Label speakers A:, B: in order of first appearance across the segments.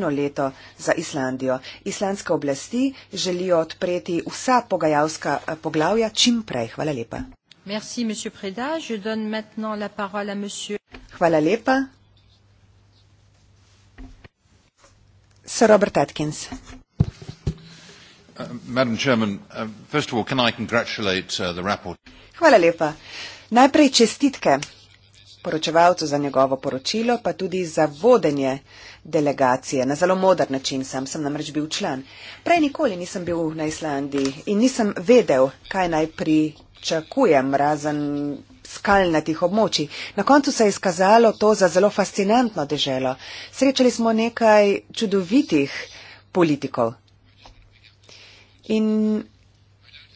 A: leto za Islandijo. Islandske oblasti želijo odpreti vsa pogajalska eh, poglavja čim prej. Hvala lepa.
B: Merci, Preda. Je la à
A: Hvala lepa. Sir Robert Atkins. Uh,
C: uh, uh,
A: Hvala lepa. Najprej čestitke poročevalcu za njegovo poročilo, pa tudi za vodenje delegacije na zelo modar način. Sam sem namreč bil član. Prej nikoli nisem bil na Islandiji in nisem vedel, kaj naj pričakujem, razen skalnatih območij. Na koncu se je izkazalo to za zelo fascinantno deželo. Srečali smo nekaj čudovitih politikov. In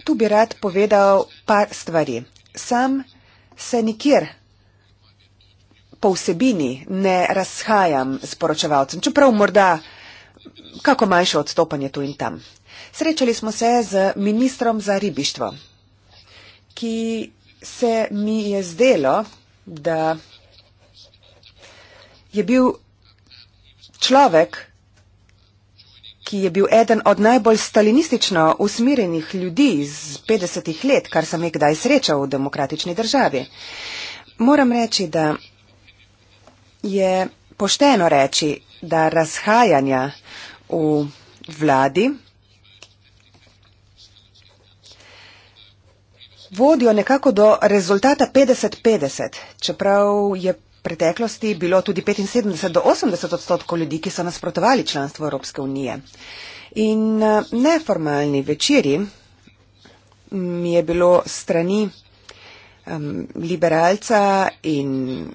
A: tu bi rad povedal par stvari. Sam se nikjer po vsebini ne razhajam s poročevalcem, čeprav morda kako manjše odstopanje tu in tam. Srečali smo se z ministrom za ribištvo, ki se mi je zdelo, da je bil človek, ki je bil eden od najbolj stalinistično usmirjenih ljudi iz 50 let, kar sem jih kdaj srečal v demokratični državi. Moram reči, da je pošteno reči, da razhajanja v vladi vodijo nekako do rezultata 50-50, čeprav je preteklosti bilo tudi 75 do 80 odstotkov ljudi, ki so nasprotovali članstvu Evropske unije. In eh, neformalni večeri mi je bilo strani um, liberalca in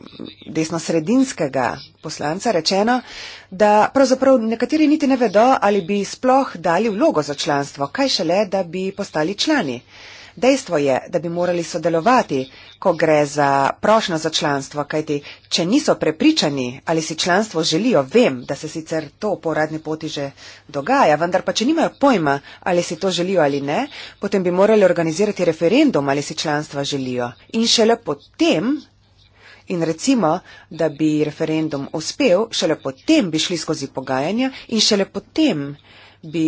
A: desno-sredinskega poslanca rečeno, da pravzaprav nekateri niti ne vedo, ali bi sploh dali vlogo za članstvo, kaj šele, da bi postali člani. Dejstvo je, da bi morali sodelovati, ko gre za prošnjo za članstvo, kajti če niso prepričani ali si članstvo želijo, vem, da se sicer to po radni poti že dogaja, vendar pa če nimajo pojma, ali si to želijo ali ne, potem bi morali organizirati referendum, ali si članstva želijo. In šele potem, in recimo, da bi referendum uspel, šele potem bi šli skozi pogajanja in šele potem bi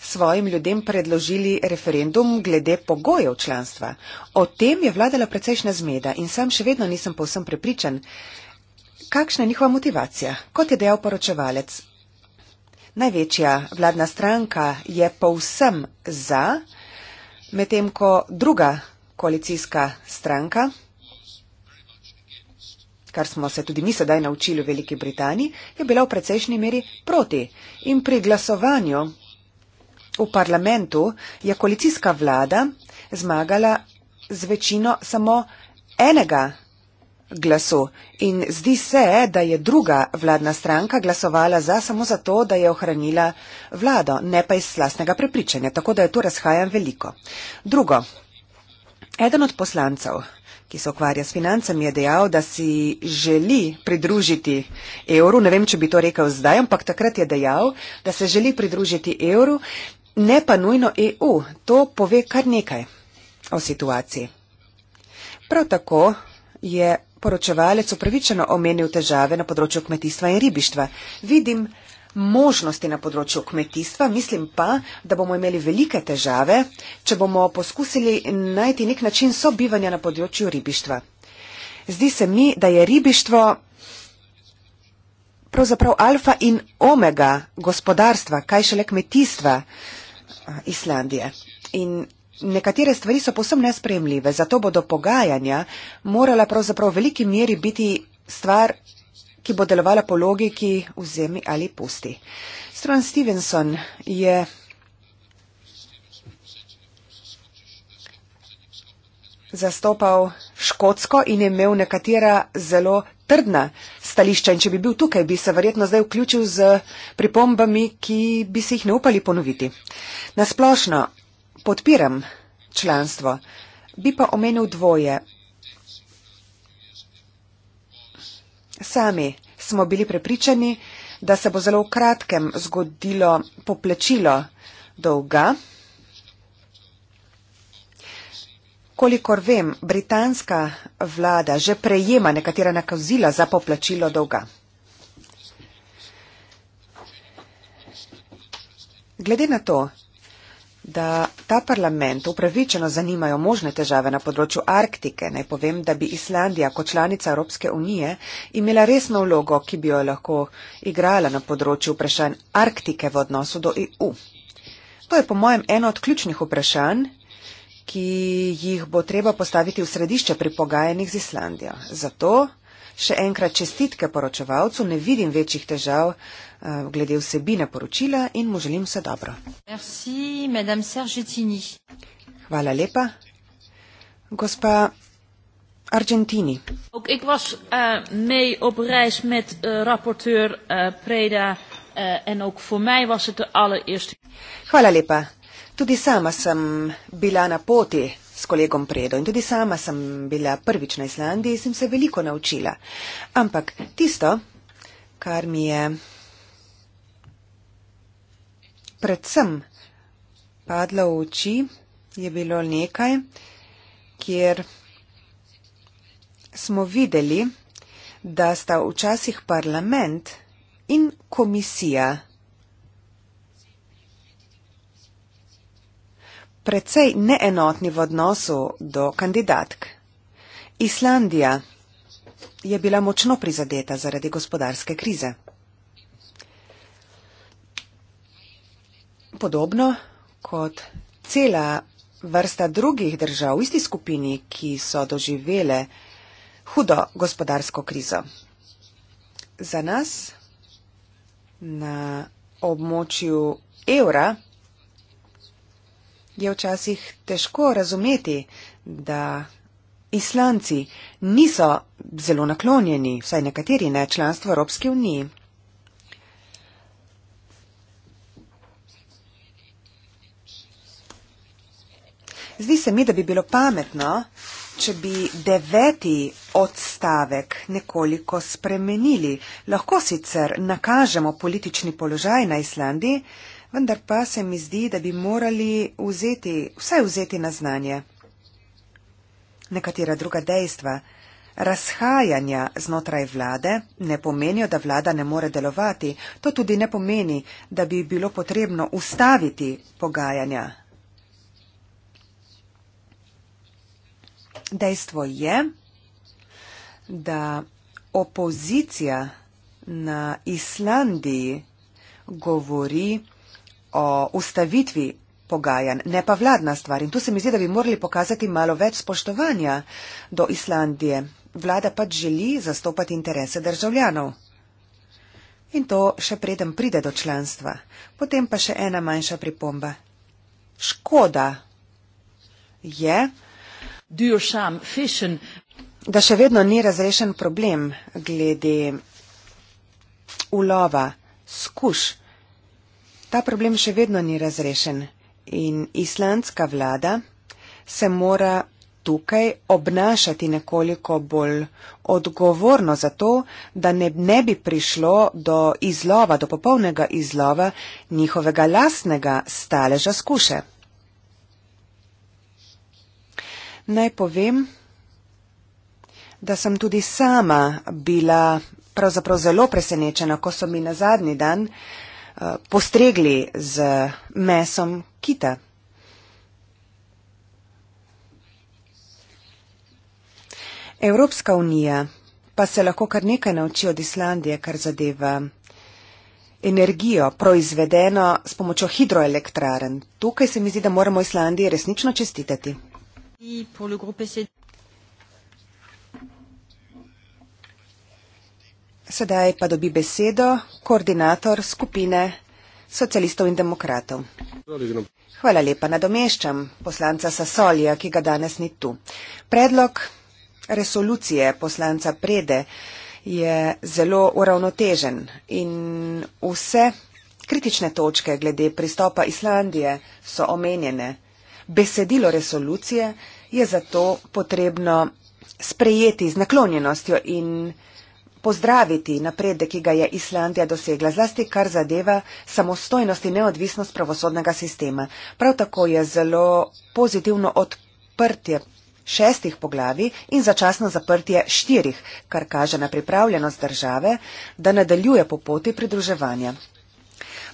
A: svojim ljudem predložili referendum glede pogojev članstva. O tem je vladala precejšnja zmeda in sam še vedno nisem povsem prepričan, kakšna je njihova motivacija, kot je dejal poročevalec. Največja vladna stranka je povsem za, medtem ko druga koalicijska stranka, kar smo se tudi mi sedaj naučili v Veliki Britaniji, je bila v precejšnji meri proti. In pri glasovanju V parlamentu je koalicijska vlada zmagala z večino samo enega glasu in zdi se, da je druga vladna stranka glasovala za samo zato, da je ohranila vlado, ne pa iz lastnega prepričanja. Tako da je tu razhajan veliko. Drugo. Eden od poslancev ki se ukvarja s financami, je dejal, da si želi pridružiti evru. Ne vem, če bi to rekel zdaj, ampak takrat je dejal, da se želi pridružiti evru ne pa nujno EU, to pove kar nekaj o situaciji. Prav tako je poročevalec upravičeno omenil težave na področju kmetijstva in ribištva. Vidim možnosti na področju kmetijstva, mislim pa, da bomo imeli velike težave, če bomo poskusili najti nek način sobivanja na področju ribištva. Zdi se mi, da je ribištvo pravzaprav alfa in omega gospodarstva, kaj šele kmetijstva. Islandije. In nekatere stvari so posebno nespremljive, zato bodo pogajanja morala pravzaprav v veliki meri biti stvar, ki bo delovala po logiki vzemi ali pusti. Stran Stevenson je. zastopal Škotsko in imel nekatera zelo trdna stališča in če bi bil tukaj, bi se verjetno zdaj vključil z pripombami, ki bi si jih ne upali ponoviti. Nasplošno podpiram članstvo, bi pa omenil dvoje. Sami smo bili prepričani, da se bo zelo v kratkem zgodilo poplačilo dolga. Kolikor vem, britanska vlada že prejema nekatera nakazila za poplačilo dolga. Glede na to, da ta parlament upravičeno zanimajo možne težave na področju Arktike, naj povem, da bi Islandija kot članica Evropske unije imela resno vlogo, ki bi jo lahko igrala na področju vprašanj Arktike v odnosu do EU. To je po mojem eno od ključnih vprašanj, ki jih bo treba postaviti v središče pri pogajanjih z Islandijo. Zato še enkrat čestitke poročevalcu, ne vidim večjih težav uh, glede vsebine poročila in mu želim vse dobro.
B: Merci,
A: Hvala lepa. Gospa Argentini.
D: Ik was uh, mee op reis met uh, rapporteur uh, Preda uh, en ook voor
B: mij was het de allereerste.
A: Hvala lepa. Tudi sama sem bila na poti s kolegom Predo in tudi sama sem bila prvič na Islandiji in sem se veliko naučila. Ampak tisto, kar mi je predvsem padlo v oči, je bilo nekaj, kjer smo videli, da sta včasih parlament in komisija precej neenotni v odnosu do kandidatk. Islandija je bila močno prizadeta zaradi gospodarske krize. Podobno kot cela vrsta drugih držav v isti skupini, ki so doživele hudo gospodarsko krizo. Za nas na območju evra je včasih težko razumeti, da islanci niso zelo naklonjeni, vsaj nekateri ne, članstvo Evropske unije. Zdi se mi, da bi bilo pametno, če bi deveti odstavek nekoliko spremenili. Lahko sicer nakažemo politični položaj na Islandiji, vendar pa se mi zdi, da bi morali vzeti, vsaj vzeti na znanje. Nekatera druga dejstva. Razhajanja znotraj vlade ne pomenijo, da vlada ne more delovati. To tudi ne pomeni, da bi bilo potrebno ustaviti pogajanja. Dejstvo je, da opozicija na Islandiji govori, o ustavitvi pogajanj, ne pa vladna stvar. In tu se mi zdi, da bi morali pokazati malo več spoštovanja do Islandije. Vlada pač želi zastopati interese državljanov. In to še preden pride do članstva. Potem pa še ena manjša pripomba. Škoda je, da še vedno ni razrešen problem glede ulova, skuš. Ta problem še vedno ni razrešen in islandska vlada se mora tukaj obnašati nekoliko bolj odgovorno za to, da ne, ne bi prišlo do izlova, do popolnega izlova njihovega lasnega staleža skuše. Naj povem, da sem tudi sama bila pravzaprav zelo presenečena, ko so mi na zadnji dan uh, Eh, postregli z mesom kita. Evropska unija pa se lahko kar nekaj nauči od Islandije, kar zadeva energijo proizvedeno s pomočjo hidroelektraren. Tukaj se mi zdi, da moramo Islandiji resnično čestitati. Sedaj pa dobi besedo koordinator skupine socialistov in demokratov. Hvala lepa. Nadomeščam poslanca Sasolija, ki ga danes ni tu. Predlog resolucije poslanca Prede je zelo uravnotežen in vse kritične točke glede pristopa Islandije so omenjene. Besedilo resolucije je zato potrebno sprejeti z naklonjenostjo in pozdraviti napredek, ki ga je Islandija dosegla, zlasti kar zadeva samostojnost in neodvisnost pravosodnega sistema. Prav tako je zelo pozitivno odprtje šestih poglavi in začasno zaprtje štirih, kar kaže na pripravljenost države, da nadaljuje po poti pridruževanja.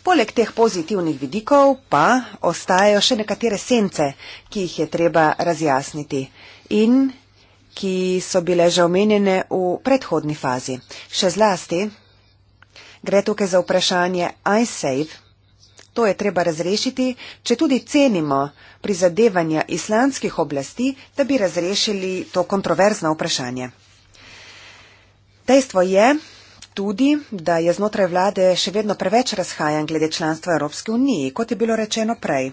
A: Poleg teh pozitivnih vidikov pa ostajajo še nekatere sence, ki jih je treba razjasniti in ki so bile že omenjene v predhodni fazi. Še zlasti gre tukaj za vprašanje iSafe. To je treba razrešiti, če tudi cenimo prizadevanja islandskih oblasti, da bi razrešili to kontroverzno vprašanje. Dejstvo je tudi, da je znotraj vlade še vedno preveč razhajan glede članstva Evropske unije, kot je bilo rečeno prej.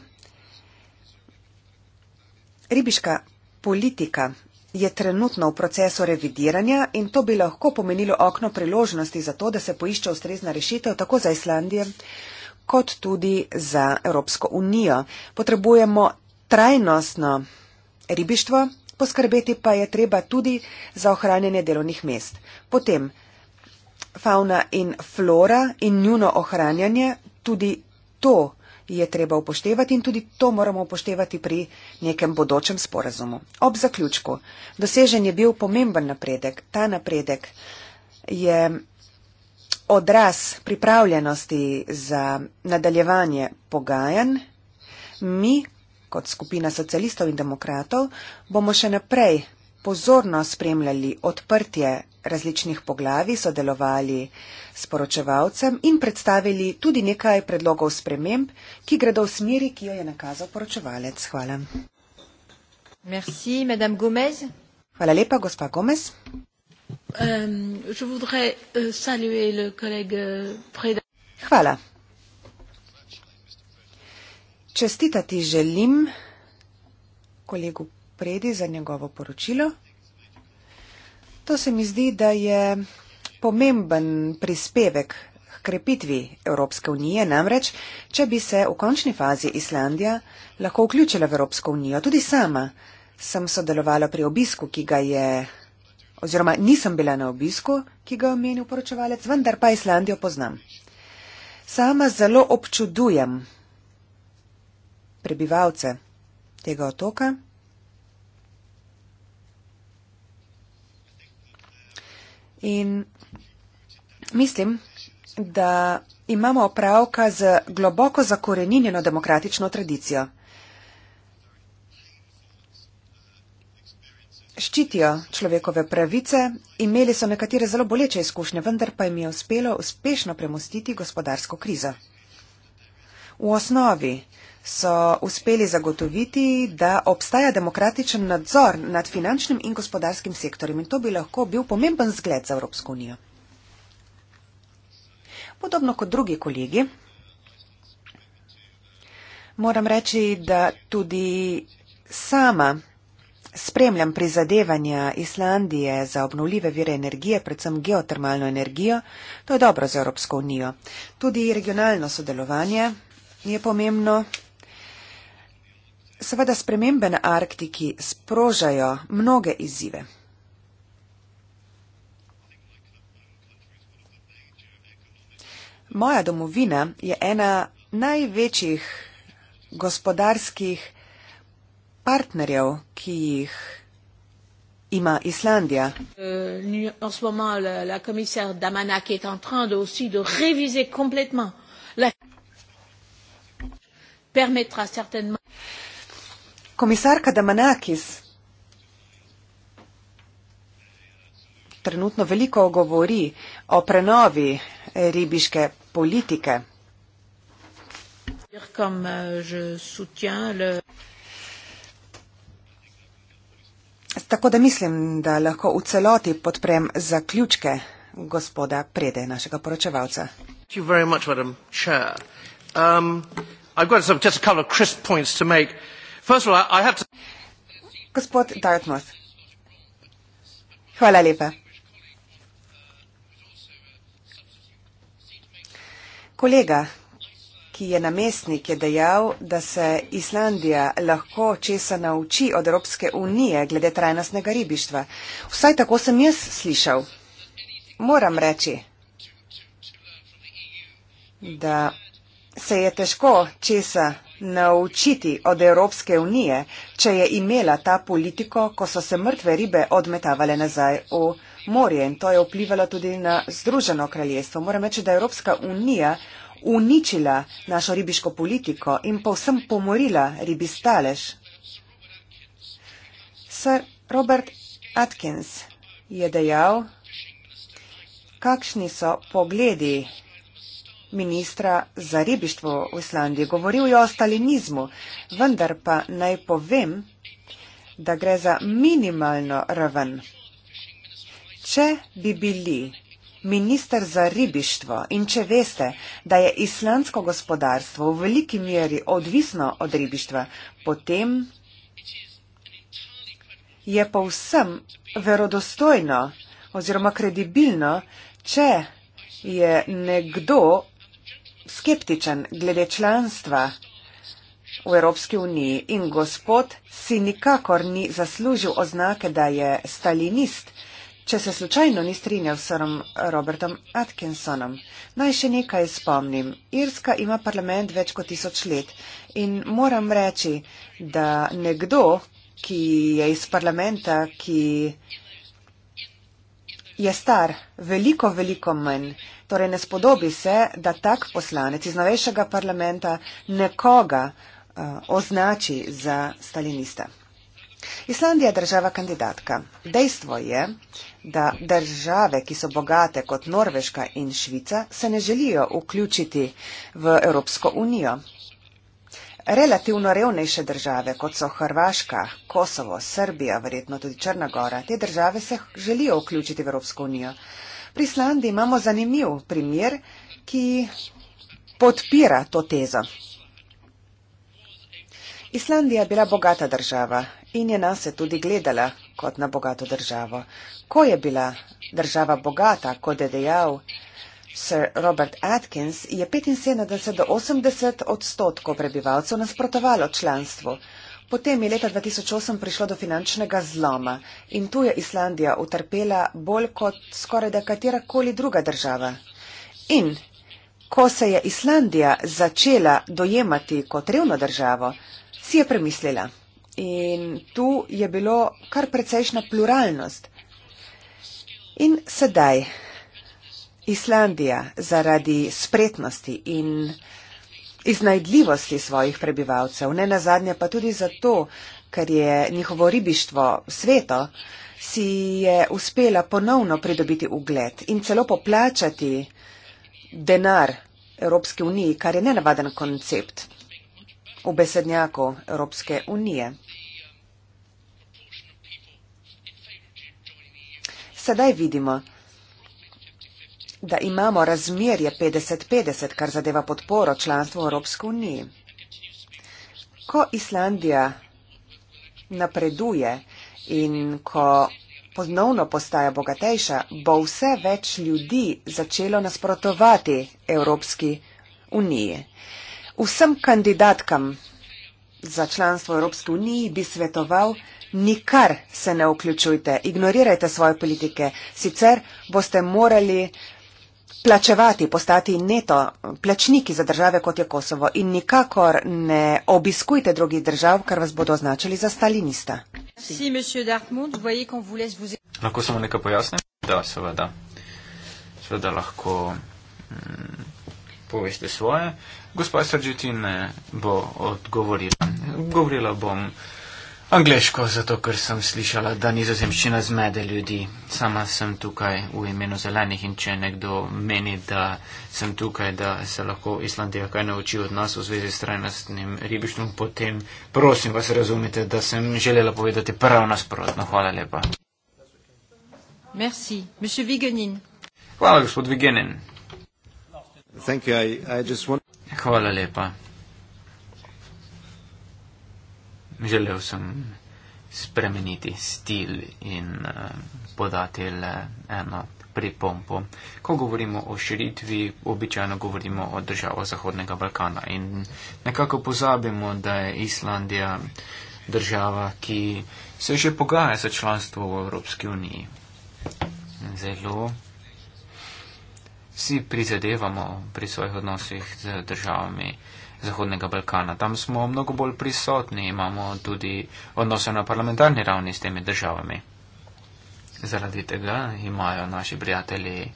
A: Ribiška politika je trenutno v procesu revidiranja in to bi lahko pomenilo okno priložnosti za to, da se poišče ustrezna rešitev tako za Islandijo kot tudi za Evropsko unijo. Potrebujemo trajnostno ribištvo, poskrbeti pa je treba tudi za ohranjanje delovnih mest. Potem fauna in flora in njuno ohranjanje, tudi to je treba upoštevati in tudi to moramo upoštevati pri nekem bodočem sporazumu. Ob zaključku, dosežen je bil pomemben napredek. Ta napredek je odraz pripravljenosti za nadaljevanje pogajanj. Mi, kot skupina socialistov in demokratov, bomo še naprej pozorno spremljali odprtje različnih poglavi, sodelovali s poročevalcem in predstavili tudi nekaj predlogov sprememb, ki gredo v smeri, ki jo je nakazal poročevalec. Hvala.
B: Merci,
A: Hvala lepa, gospa Gomez.
B: Euh, euh, euh,
A: Hvala. Čestitati želim kolegu Predi za njegovo poročilo. To se mi zdi, da je pomemben prispevek k krepitvi Evropske unije, namreč, če bi se v končni fazi Islandija lahko vključila v Evropsko unijo. Tudi sama sem sodelovala pri obisku, ki ga je, oziroma nisem bila na obisku, ki ga je omenil poročevalec, vendar pa Islandijo poznam. Sama zelo občudujem prebivalce tega otoka. In mislim, da imamo opravka z globoko zakoreninjeno demokratično tradicijo. Ščitijo človekove pravice, imeli so nekatere zelo boleče izkušnje, vendar pa jim je uspelo uspešno premustiti gospodarsko krizo. V osnovi so uspeli zagotoviti, da obstaja demokratičen nadzor nad finančnim in gospodarskim sektorjem in to bi lahko bil pomemben zgled za Evropsko unijo. Podobno kot drugi kolegi, moram reči, da tudi sama spremljam prizadevanja Islandije za obnovljive vire energije, predvsem geotermalno energijo. To je dobro za Evropsko unijo. Tudi regionalno sodelovanje je pomembno. Seveda spremembe na Arktiki sprožajo mnoge izzive. Moja domovina je ena največjih gospodarskih partnerjev, ki jih ima Islandija. Uh, Komisarka Damanakis, trenutno veliko govori o prenovi ribiške politike. Euh, Tako da mislim, da lahko v celoti podprem zaključke gospoda Prede, našega poročevalca.
E: Hvala lepa, gospod predsednik. Imam nekaj kratkih točk, ki jih moram narediti. First of all, I have to...
A: Gospod Dartmouth, hvala lepa. Kolega, ki je namestnik, je dejal, da se Islandija lahko česa nauči od Evropske unije glede trajnostnega ribištva. Vsaj tako sem jaz slišal. Moram reči, da se je težko česa naučiti od Evropske unije, če je imela ta politiko, ko so se mrtve ribe odmetavale nazaj v morje in to je vplivalo tudi na Združeno kraljestvo. Moram reči, da je Evropska unija uničila našo ribiško politiko in povsem pomorila ribi stalež. Sir Robert Atkins je dejal, kakšni so pogledi ministra za ribištvo v Islandiji. Govoril je o stalinizmu, vendar pa naj povem, da gre za minimalno raven. Če bi bili minister za ribištvo in če veste, da je islandsko gospodarstvo v veliki meri odvisno od ribištva, potem je povsem verodostojno oziroma kredibilno, če je nekdo skeptičen glede članstva v Evropski uniji in gospod si nikakor ni zaslužil oznake, da je stalinist, če se slučajno ni strinjal s srom Robertom Atkinsonom. Naj še nekaj spomnim. Irska ima parlament več kot tisoč let in moram reči, da nekdo, ki je iz parlamenta, ki je star veliko, veliko manj, Torej, ne spodobi se, da tak poslanec iz novejšega parlamenta nekoga uh, označi za stalinista. Islandija je država kandidatka. Dejstvo je, da države, ki so bogate kot Norveška in Švica, se ne želijo vključiti v Evropsko unijo. Relativno revnejše države, kot so Hrvaška, Kosovo, Srbija, verjetno tudi Črna Gora, te države se želijo vključiti v Evropsko unijo. Pri Islandiji imamo zanimiv primer, ki podpira to tezo. Islandija je bila bogata država in je nas je tudi gledala kot na bogato državo. Ko je bila država bogata, kot je dejal Sir Robert Atkins, je 75 do 80 odstotkov prebivalcev nasprotovalo članstvu. Potem je leta 2008 prišlo do finančnega zloma in tu je Islandija utrpela bolj kot skoraj da katerakoli druga država. In ko se je Islandija začela dojemati kot revno državo, si je premislila. In tu je bilo kar precejšna pluralnost. In sedaj Islandija zaradi spretnosti in iznajdljivosti svojih prebivalcev, ne nazadnje pa tudi zato, ker je njihovo ribištvo sveto, si je uspela ponovno pridobiti ugled in celo poplačati denar Evropske unije, kar je nenavaden koncept v besednjaku Evropske unije. Sedaj vidimo, da imamo razmerje 50-50, kar zadeva podporo članstvu v Evropsko uniji. Ko Islandija napreduje in ko ponovno postaja bogatejša, bo vse več ljudi začelo nasprotovati Evropski uniji. Vsem kandidatkam za članstvo Evropske unije bi svetoval, nikar se ne vključujte, ignorirajte svoje politike, sicer boste morali plačevati, postati neto plačniki za države kot je Kosovo in nikakor ne obiskujte drugih držav, kar vas bodo označili za stalinista.
D: Lahko samo nekaj pojasnim? Da, seveda. Seveda lahko mm, poveste svoje. Gospa Sržitin bo odgovorila. Govorila bom angliško, zato ker sem slišala, da nizozemščina zmede ljudi. Sama sem tukaj v imenu zelenih in če nekdo meni, da sem tukaj, da se lahko Islandija kaj nauči od nas v zvezi s trajnostnim ribištvom, potem prosim vas razumite, da sem želela povedati prav nasprotno. Hvala lepa.
B: Merci. Monsieur Vigenin.
D: Hvala, gospod Vigenin. Hvala lepa. želel sem spremeniti stil in uh, podati le eno pripompo. Ko govorimo o širitvi, običajno govorimo o državah Zahodnega Balkana in nekako pozabimo, da je Islandija država, ki se že pogaja za članstvo v Evropski uniji. Zelo si prizadevamo pri svojih odnosih z državami uh, Zahodnega Balkana. Tam smo mnogo bolj prisotni, imamo tudi odnose na parlamentarni ravni s temi državami. Zaradi tega imajo naši prijatelji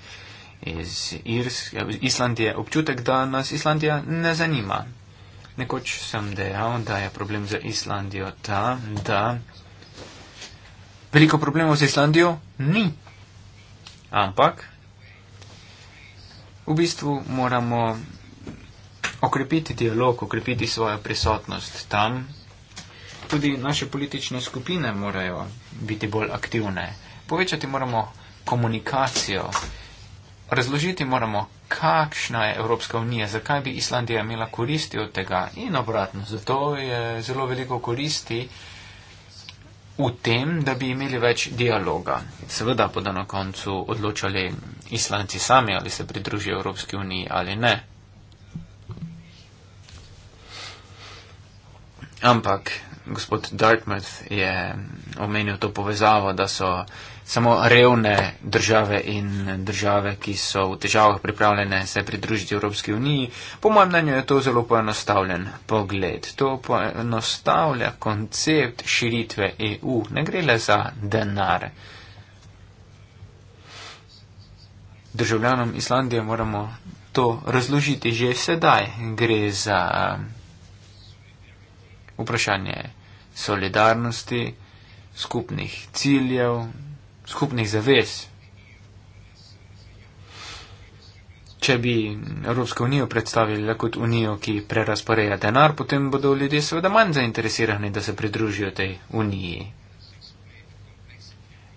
D: iz Irske, Islandije občutek, da nas Islandija ne zanima. Nekoč sem dejal, da je problem za Islandijo ta, da veliko problemov z Islandijo ni. Ampak, v bistvu moramo okrepiti dialog, okrepiti svojo prisotnost tam. Tudi naše politične skupine morajo biti bolj aktivne. Povečati moramo komunikacijo, razložiti moramo, kakšna je Evropska unija, zakaj bi Islandija imela koristi od tega in obratno. Zato je zelo veliko koristi v tem, da bi imeli več dialoga. Seveda bodo na koncu odločali Islanci sami, ali se pridružijo Evropski uniji ali ne. Ampak gospod Dartmouth je omenil to povezavo, da so samo revne države in države, ki so v težavah pripravljene se pridružiti Evropski uniji. Po mojem mnenju je to zelo poenostavljen pogled. To poenostavlja koncept širitve EU. Ne gre le za denar. Državljanom Islandije moramo to razložiti že sedaj. Gre za vprašanje solidarnosti, skupnih ciljev, skupnih zavez. Če bi Evropsko unijo predstavili kot unijo, ki prerasporeja denar, potem bodo ljudje seveda manj zainteresirani, da se pridružijo tej uniji.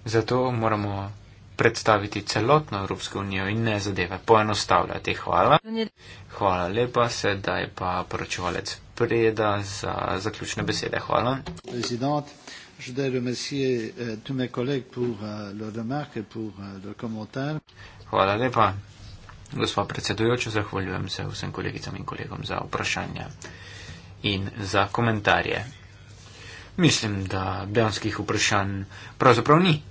D: Zato moramo predstaviti celotno Evropsko unijo in ne zadeve poenostavljati. Hvala. Hvala lepa, sedaj pa poročevalec. Preda za zaključne besede. Hvala.
E: Eh, eh, eh,
D: Hvala lepa. Gospod predsedujoči, zahvaljujem se vsem kolegicam in kolegom za vprašanja in za komentarje. Mislim, da dejanskih vprašanj pravzaprav ni.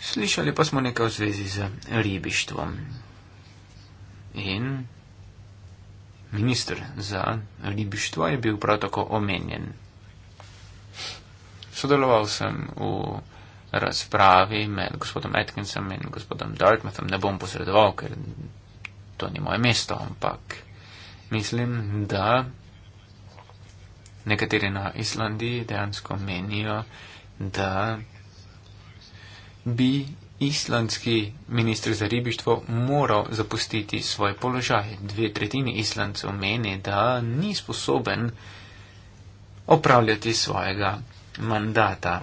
D: Slišali pa smo nekaj v zvezi z ribištvom. In Ministr za ribištvo je bil prav tako omenjen. Sodeloval sem v razpravi med gospodom Atkinsom in gospodom Dartmouthom. Ne bom posredoval, ker to ni moje mesto, ampak mislim, da nekateri na Islandiji dejansko menijo, da bi islandski ministr za ribištvo moral zapustiti svoj položaj. Dve tretjini islancev meni, da ni sposoben opravljati svojega mandata.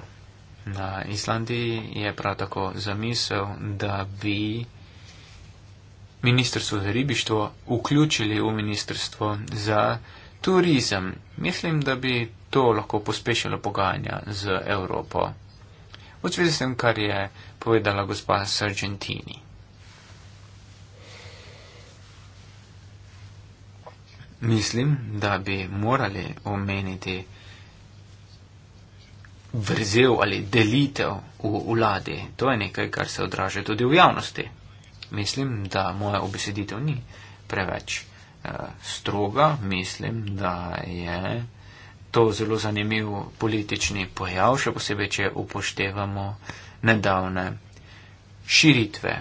D: Na Islandiji je prav tako zamisel, da bi ministrstvo za ribištvo vključili v ministrstvo za turizem. Mislim, da bi to lahko pospešilo pogajanja z Evropo v zvezi s tem, kar je povedala gospa Sargentini. Mislim, da bi morali omeniti vrzel ali delitev v vladi. To je nekaj, kar se odraža tudi v javnosti. Mislim, da moja obeseditev ni preveč uh, stroga. Mislim, da je to zelo zanimiv politični pojav, še posebej, če upoštevamo nedavne širitve.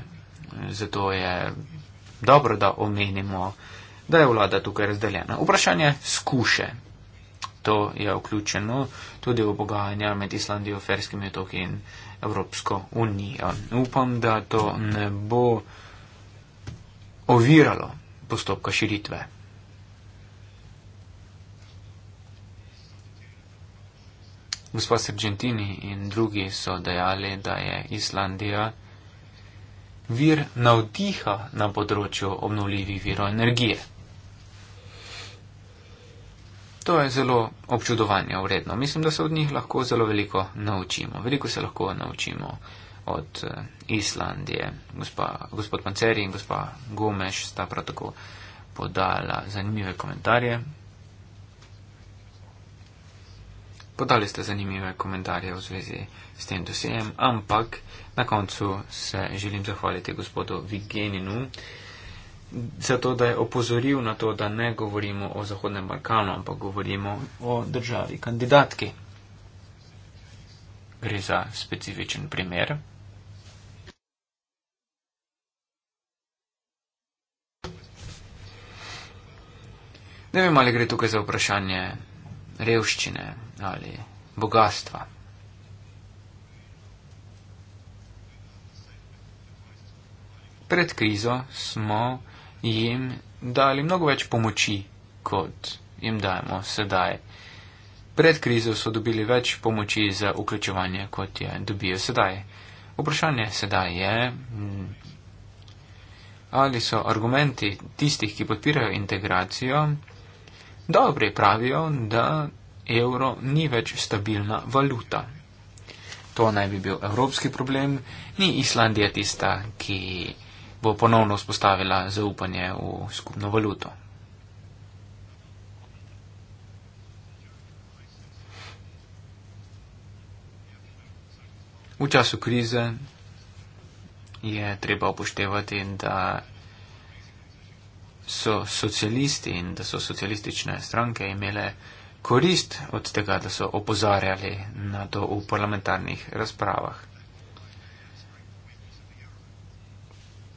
D: Zato je dobro, da omenimo, da je vlada tukaj razdeljena. Vprašanje skuše. To je vključeno tudi v pogajanja med Islandijo, Ferskimi otoki in Evropsko unijo. Upam, da to ne bo oviralo postopka širitve. Gospod Sergentini in drugi so dejali, da je Islandija vir navdiha na področju obnovljivih virov energije. To je zelo občudovanje vredno. Mislim, da se od njih lahko zelo veliko naučimo. Veliko se lahko naučimo od eh, Islandije. Gospa, gospod Panceri in gospa Gomeš sta prav tako podala zanimive komentarje podali ste zanimive komentarje v zvezi s tem dosjejem, ampak na koncu se želim zahvaliti gospodu Vigeninu za to, da je opozoril na to, da ne govorimo o Zahodnem Balkanu, ampak govorimo o državi kandidatki. Gre za specifičen primer. Ne vem, ali gre tukaj za vprašanje revščine ali bogatstva. Pred krizo smo jim dali mnogo več pomoči, kot jim dajemo sedaj. Pred krizo so dobili več pomoči za vključevanje, kot je dobijo sedaj. Vprašanje sedaj je, mm, ali so argumenti tistih, ki podpirajo integracijo, Dobri pravijo, da evro ni več stabilna valuta. To naj bi bil evropski problem, ni Islandija tista, ki bo ponovno vzpostavila zaupanje v skupno valuto. V času krize je treba upoštevati, da so socialisti in da so socialistične stranke imele korist od tega, da so opozarjali na to v parlamentarnih razpravah.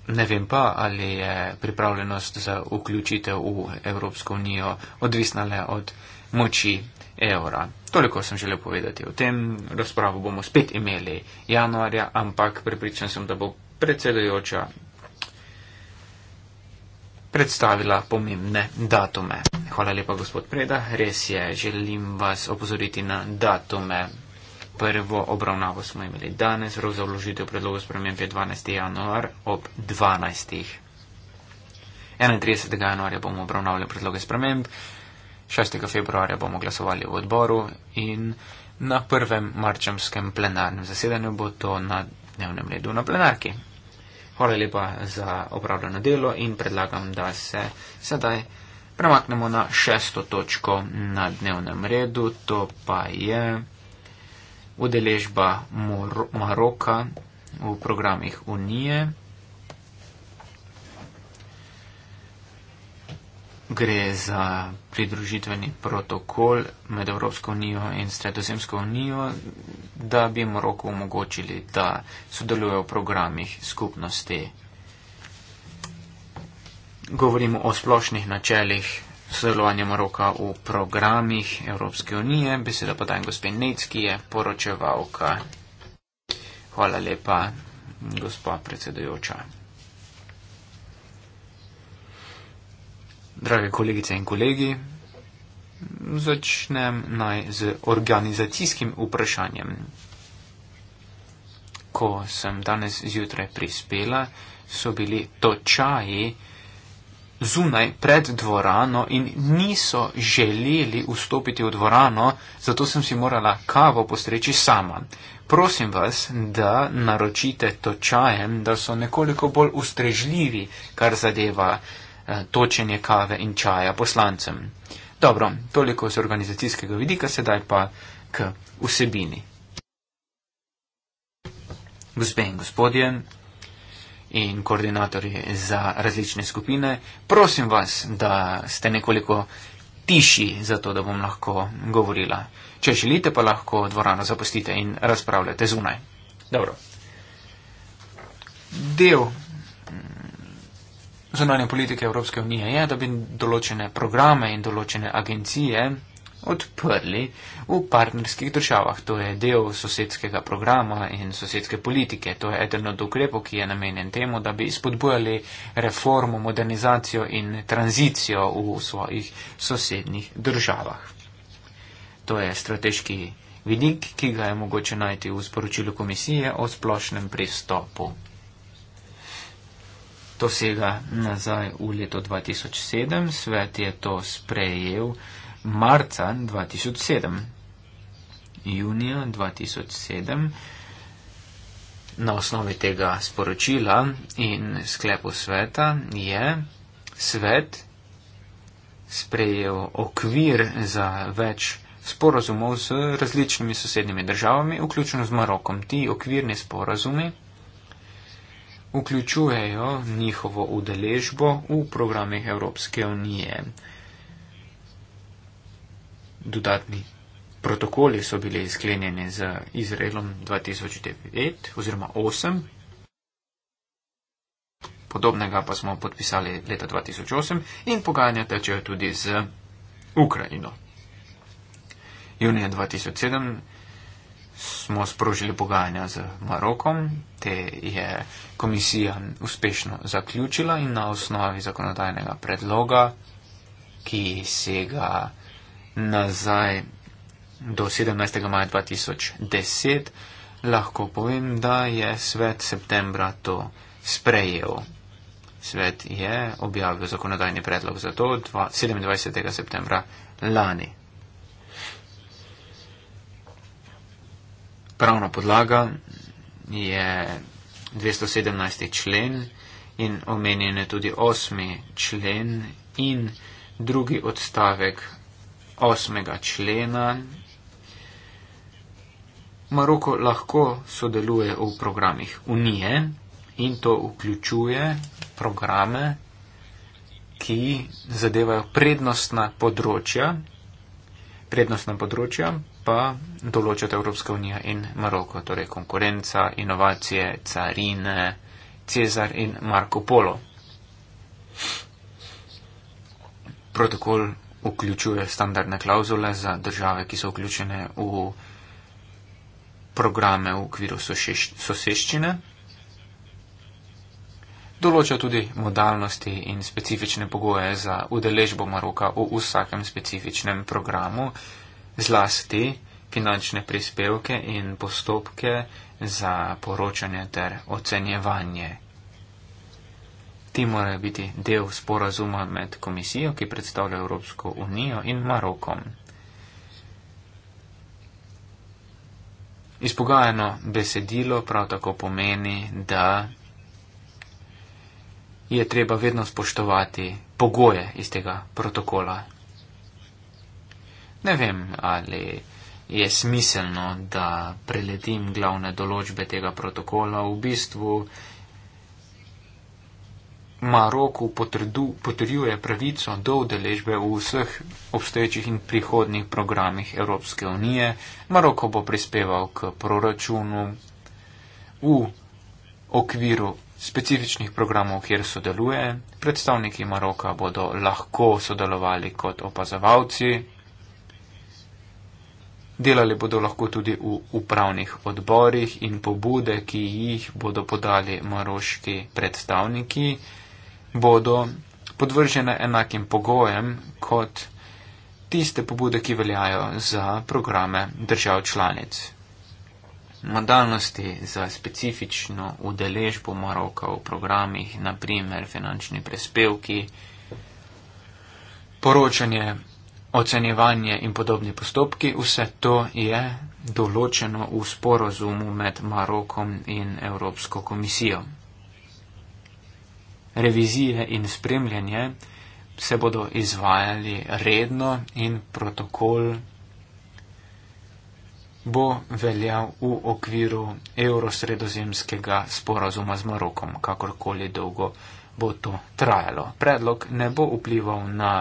D: Ne vem pa, ali je pripravljenost za vključitev v Evropsko unijo odvisna le od moči evra. Toliko sem želel povedati o tem. Razpravo bomo spet imeli januarja, ampak pripričan sem, da bo predsedujoča predstavila pomembne datume. Hvala lepa, gospod Preda. Res je, želim vas opozoriti na datume. Prvo obravnavo smo imeli danes, rok za vložitev predlogov sprememb je 12. januar ob 12. 31. januarja bomo obravnavali predloge sprememb, 6. februarja bomo glasovali v odboru in na prvem marčamskem plenarnem zasedanju bo to na dnevnem redu na plenarki. Hvala lepa za opravljeno delo in predlagam, da se sedaj premaknemo na šesto točko na dnevnem redu, to pa je udeležba Mor Maroka v programih Unije. Gre za pridružitveni protokol med Evropsko unijo in Sredozemsko unijo, da bi Moroko omogočili, da sodeluje v programih skupnosti. Govorimo o splošnih načelih sodelovanja Moroka v programih Evropske unije. Beseda pa dajem gospe Necki, je poročevalka. Hvala lepa, gospa predsedujoča. Drage kolegice in kolegi, začnem naj z organizacijskim vprašanjem. Ko sem danes zjutraj prispela, so bili točaji zunaj pred dvorano in niso želeli vstopiti v dvorano, zato sem si morala kavo postreči sama. Prosim vas, da naročite točajem, da so nekoliko bolj ustrežljivi, kar zadeva uh, Eh, točenje kave in čaja poslancem. Dobro, toliko z organizacijskega vidika, sedaj pa k vsebini. Gospe in gospodje in koordinatorji za različne skupine, prosim vas, da ste nekoliko tiši, zato da bom lahko govorila. Če želite, pa lahko dvorano zapustite in razpravljate zunaj. Dobro. Del zunanje politike Evropske unije je, da bi določene programe in določene agencije odprli v partnerskih državah. To je del sosedskega programa in sosedske politike. To je eden od ukrepov, ki je namenjen temu, da bi spodbujali reformo, modernizacijo in tranzicijo v svojih sosednjih državah. To je strateški vidik, ki ga je mogoče najti v sporočilu komisije o splošnem pristopu. To sega nazaj v leto 2007, svet je to sprejel marca 2007. Junija 2007 na osnovi tega sporočila in sklepu sveta je svet sprejel okvir za več sporozumov z različnimi sosednjimi državami, vključno z Marokom. Ti okvirni sporozumi vključujejo njihovo udeležbo v programih Evropske unije. Dodatni protokoli so bili sklenjeni z Izraelom 2009 oziroma 2008. Podobnega pa smo podpisali leta 2008 in pogajanja tečejo tudi z Ukrajino. Junija 2007 smo sprožili pogajanja z Marokom, te je komisija uspešno zaključila in na osnovi zakonodajnega predloga, ki sega nazaj do 17. maja 2010, lahko povem, da je svet septembra to sprejel. Svet je objavil zakonodajni predlog za to 27. septembra lani. pravna podlaga je 217. člen in omenjen je tudi 8. člen in drugi odstavek 8. člena. Maroko lahko sodeluje v programih Unije in to vključuje programe, ki zadevajo prednostna področja, prednostna področja pa določata Evropska unija in Maroko, torej konkurenca, inovacije, carine, Cezar in Marko Polo. Protokol vključuje standardne klauzule za države, ki so vključene v programe v okviru soseščine. Določa tudi modalnosti in specifične pogoje za udeležbo Maroka v vsakem specifičnem programu, zlasti finančne prispevke in postopke za poročanje ter ocenjevanje. Ti morajo biti del sporazuma med komisijo, ki predstavlja Evropsko unijo in Marokom. Izpogajeno besedilo prav tako pomeni, da je treba vedno spoštovati pogoje iz tega protokola. Ne vem, ali je smiselno, da preletim glavne določbe tega protokola. V bistvu Maroku potrjuje pravico do udeležbe v vseh obstoječih in prihodnih programih Evropske unije. Maroko bo prispeval k proračunu v okviru specifičnih programov, kjer sodeluje. Predstavniki Maroka bodo lahko sodelovali kot opazovalci Delali bodo lahko tudi v upravnih odborih in pobude, ki jih bodo podali maroški predstavniki, bodo podvržene enakim pogojem kot tiste pobude, ki veljajo za programe držav članic. Modalnosti za specifično udeležbo Maroka v programih, naprimer finančni prispevki, poročanje ocenjevanje in podobni postopki, vse to je določeno v sporozumu med Marokom in Evropsko komisijo. Revizije in spremljanje se bodo izvajali redno in protokol bo veljal v okviru evrosredozemskega sporozuma z Marokom, kakorkoli dolgo bo to trajalo. Predlog ne bo vplival na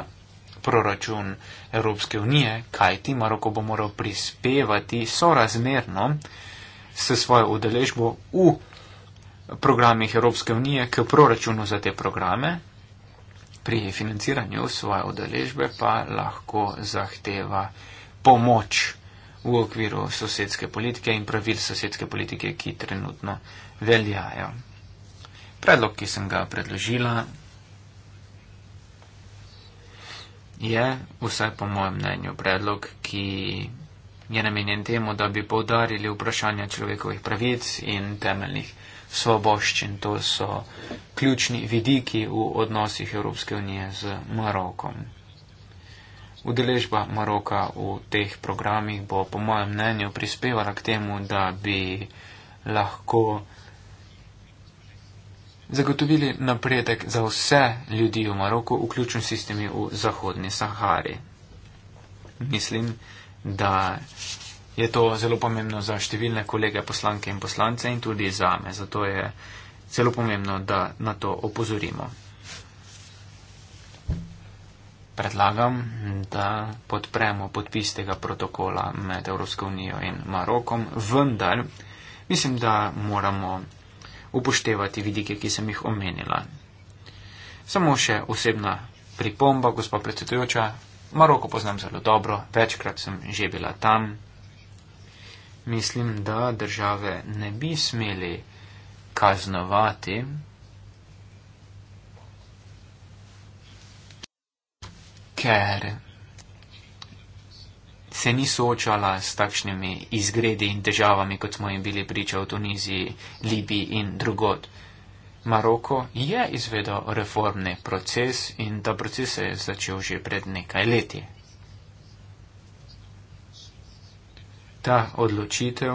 D: proračun Evropske unije, kajti Maroko bo moral prispevati sorazmerno s svojo udeležbo v programih Evropske unije k proračunu za te programe. Pri financiranju svoje udeležbe pa lahko zahteva pomoč v okviru sosedske politike in pravil sosedske politike, ki trenutno veljajo. Predlog, ki sem ga predložila, je, vsaj po mojem mnenju, predlog, ki je namenjen temu, da bi povdarili vprašanja človekovih pravic in temeljnih svoboščin. To so ključni vidiki v odnosih Evropske unije z Marokom. Udeležba Maroka v teh programih bo po mojem mnenju prispevala k temu, da bi lahko zagotovili napredek za vse ljudi v Maroku, vključno s tistimi v Zahodni Sahari. Mislim, da je to zelo pomembno za številne kolege poslanke in poslance in tudi za me, zato je zelo pomembno, da na to opozorimo. Predlagam, da podpremo podpis tega protokola med Evropsko unijo in Marokom, vendar mislim, da moramo upoštevati vidike, ki sem jih omenila. Samo še osebna pripomba, gospod predsedujoča, Maroko poznam zelo dobro, večkrat sem že bila tam. Mislim, da države ne bi smeli kaznovati. Ker se ni soočala s takšnimi izgredi in težavami, kot smo jim bili priča v Tuniziji, Libiji in drugod. Maroko je izvedel reformni proces in ta proces se je začel že pred nekaj leti. Ta odločitev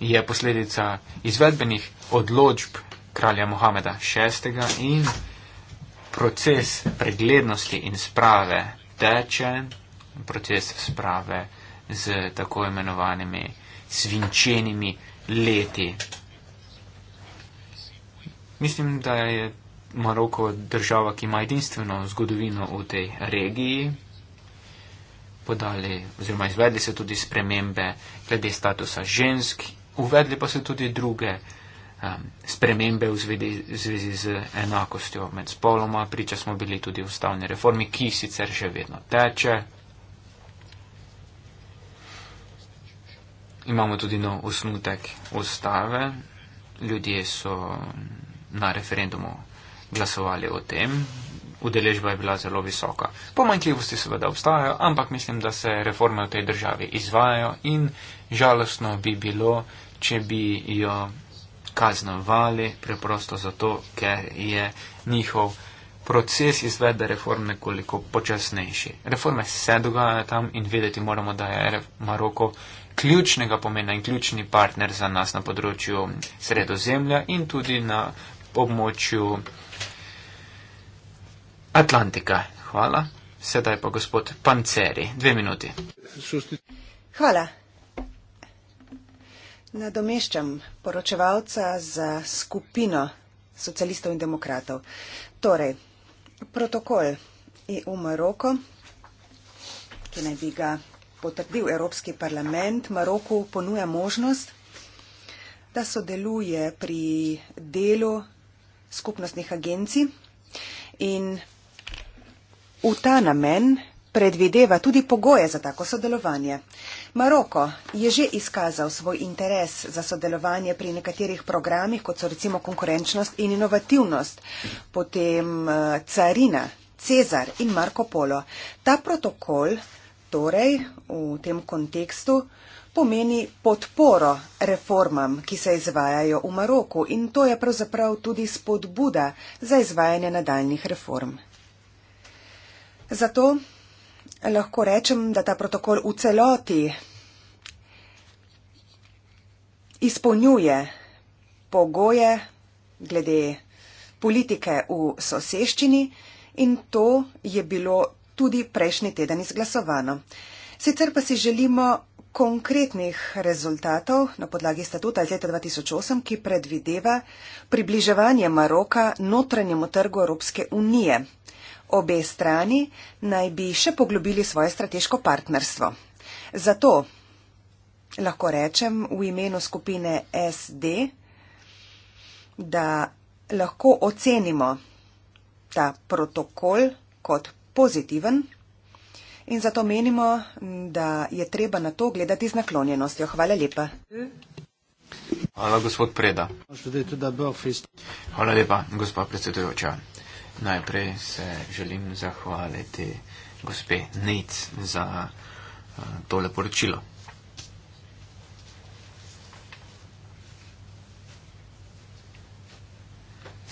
D: je posledica izvedbenih odločb kralja Mohameda VI in proces preglednosti in sprave teče proces sprave z tako imenovanimi svinčenimi leti. Mislim, da je Maroko država, ki ima edinstveno zgodovino v tej regiji. Podali oziroma izvedli so tudi spremembe glede statusa žensk, uvedli pa so tudi druge um, spremembe v zvedi, zvezi z enakostjo med spoloma. Priča smo bili tudi ustavni reformi, ki sicer še vedno teče. imamo tudi nov osnutek ustave. Ljudje so na referendumu glasovali o tem. Udeležba je bila zelo visoka. Pomanjkljivosti seveda obstajajo, ampak mislim, da se reforme v tej državi izvajajo in žalostno bi bilo, če bi jo kaznovali preprosto zato, ker je njihov proces izvede reform nekoliko počasnejši. Reforme se dogajajo tam in vedeti moramo, da je Maroko ključnega pomena in ključni partner za nas na področju sredozemlja in tudi na območju Atlantika. Hvala. Sedaj pa gospod Panceri. Dve minuti.
A: Hvala. Nadomeščam poročevalca za skupino socialistov in demokratov. Torej, protokol EU Maroko, ki naj bi ga potrdil Evropski parlament, Maroku ponuja možnost, da sodeluje pri delu skupnostnih agencij in v ta namen predvideva tudi pogoje za tako sodelovanje. Maroko je že izkazal svoj interes za sodelovanje pri nekaterih programih, kot so recimo konkurenčnost in inovativnost, potem eh, Carina, Cezar in Marko Polo. Ta protokol torej v tem kontekstu pomeni podporo reformam, ki se izvajajo v Maroku in to je pravzaprav tudi spodbuda za izvajanje nadaljnih reform. Zato lahko rečem, da ta protokol v celoti izpolnjuje pogoje glede politike v soseščini in to je bilo tudi prejšnji teden izglasovano. Sicer pa si želimo konkretnih rezultatov na podlagi statuta iz leta 2008, ki predvideva približevanje Maroka notranjemu trgu Evropske unije. Obe strani naj bi še poglobili svoje strateško partnerstvo. Zato lahko rečem v imenu skupine SD, da lahko ocenimo ta protokol kot pozitiven in zato menimo, da je treba na to gledati z naklonjenostjo. Hvala lepa.
D: Hvala, gospod Preda. Hvala lepa, gospod predsedujoča. Najprej se želim zahvaliti gospe Nic za eh, tole poročilo.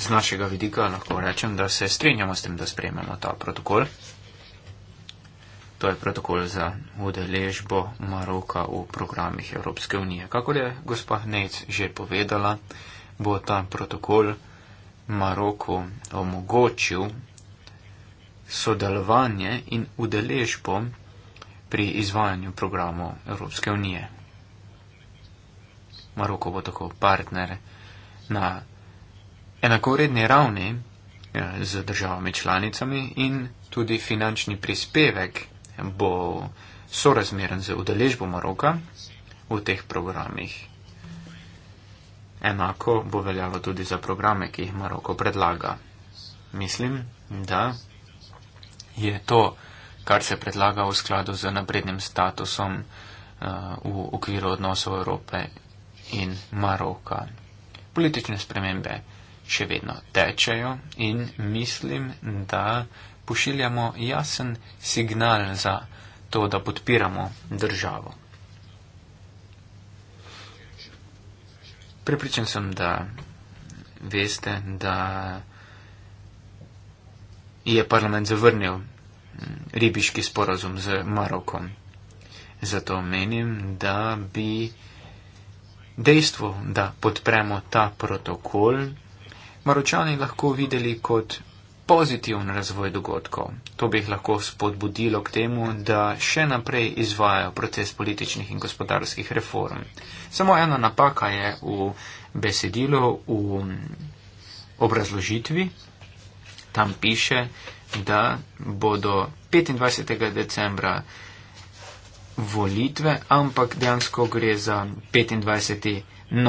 D: z našega vidika lahko rečem, da se strinjamo s tem, da sprejmemo ta protokol. To je protokol za udeležbo Maroka v programih Evropske unije. Kako je gospa Nec že povedala, bo ta protokol Maroku omogočil sodelovanje in udeležbo pri izvajanju programov Evropske unije. Maroko bo tako partner na enakovredni ravni eh, z državami članicami in tudi finančni prispevek bo sorazmeren z udeležbo Maroka v teh programih. Enako bo veljalo tudi za programe, ki jih Maroko predlaga. Mislim, da je to, kar se predlaga v skladu z naprednim statusom eh, v okviru odnosov Evrope in Maroka. Politične spremembe še vedno tečejo in mislim, da pošiljamo jasen signal za to, da podpiramo državo. Pripričan sem, da veste, da je parlament zavrnil mm, ribiški sporazum z Marokom. Zato menim, da bi dejstvo, da podpremo ta protokol, Maročani lahko videli kot pozitiven razvoj dogodkov. To bi jih lahko spodbudilo k temu, da še naprej izvajajo proces političnih in gospodarskih reform. Samo ena napaka je v besedilu, v obrazložitvi. Tam piše, da bodo 25. decembra volitve, ampak dejansko gre za 25.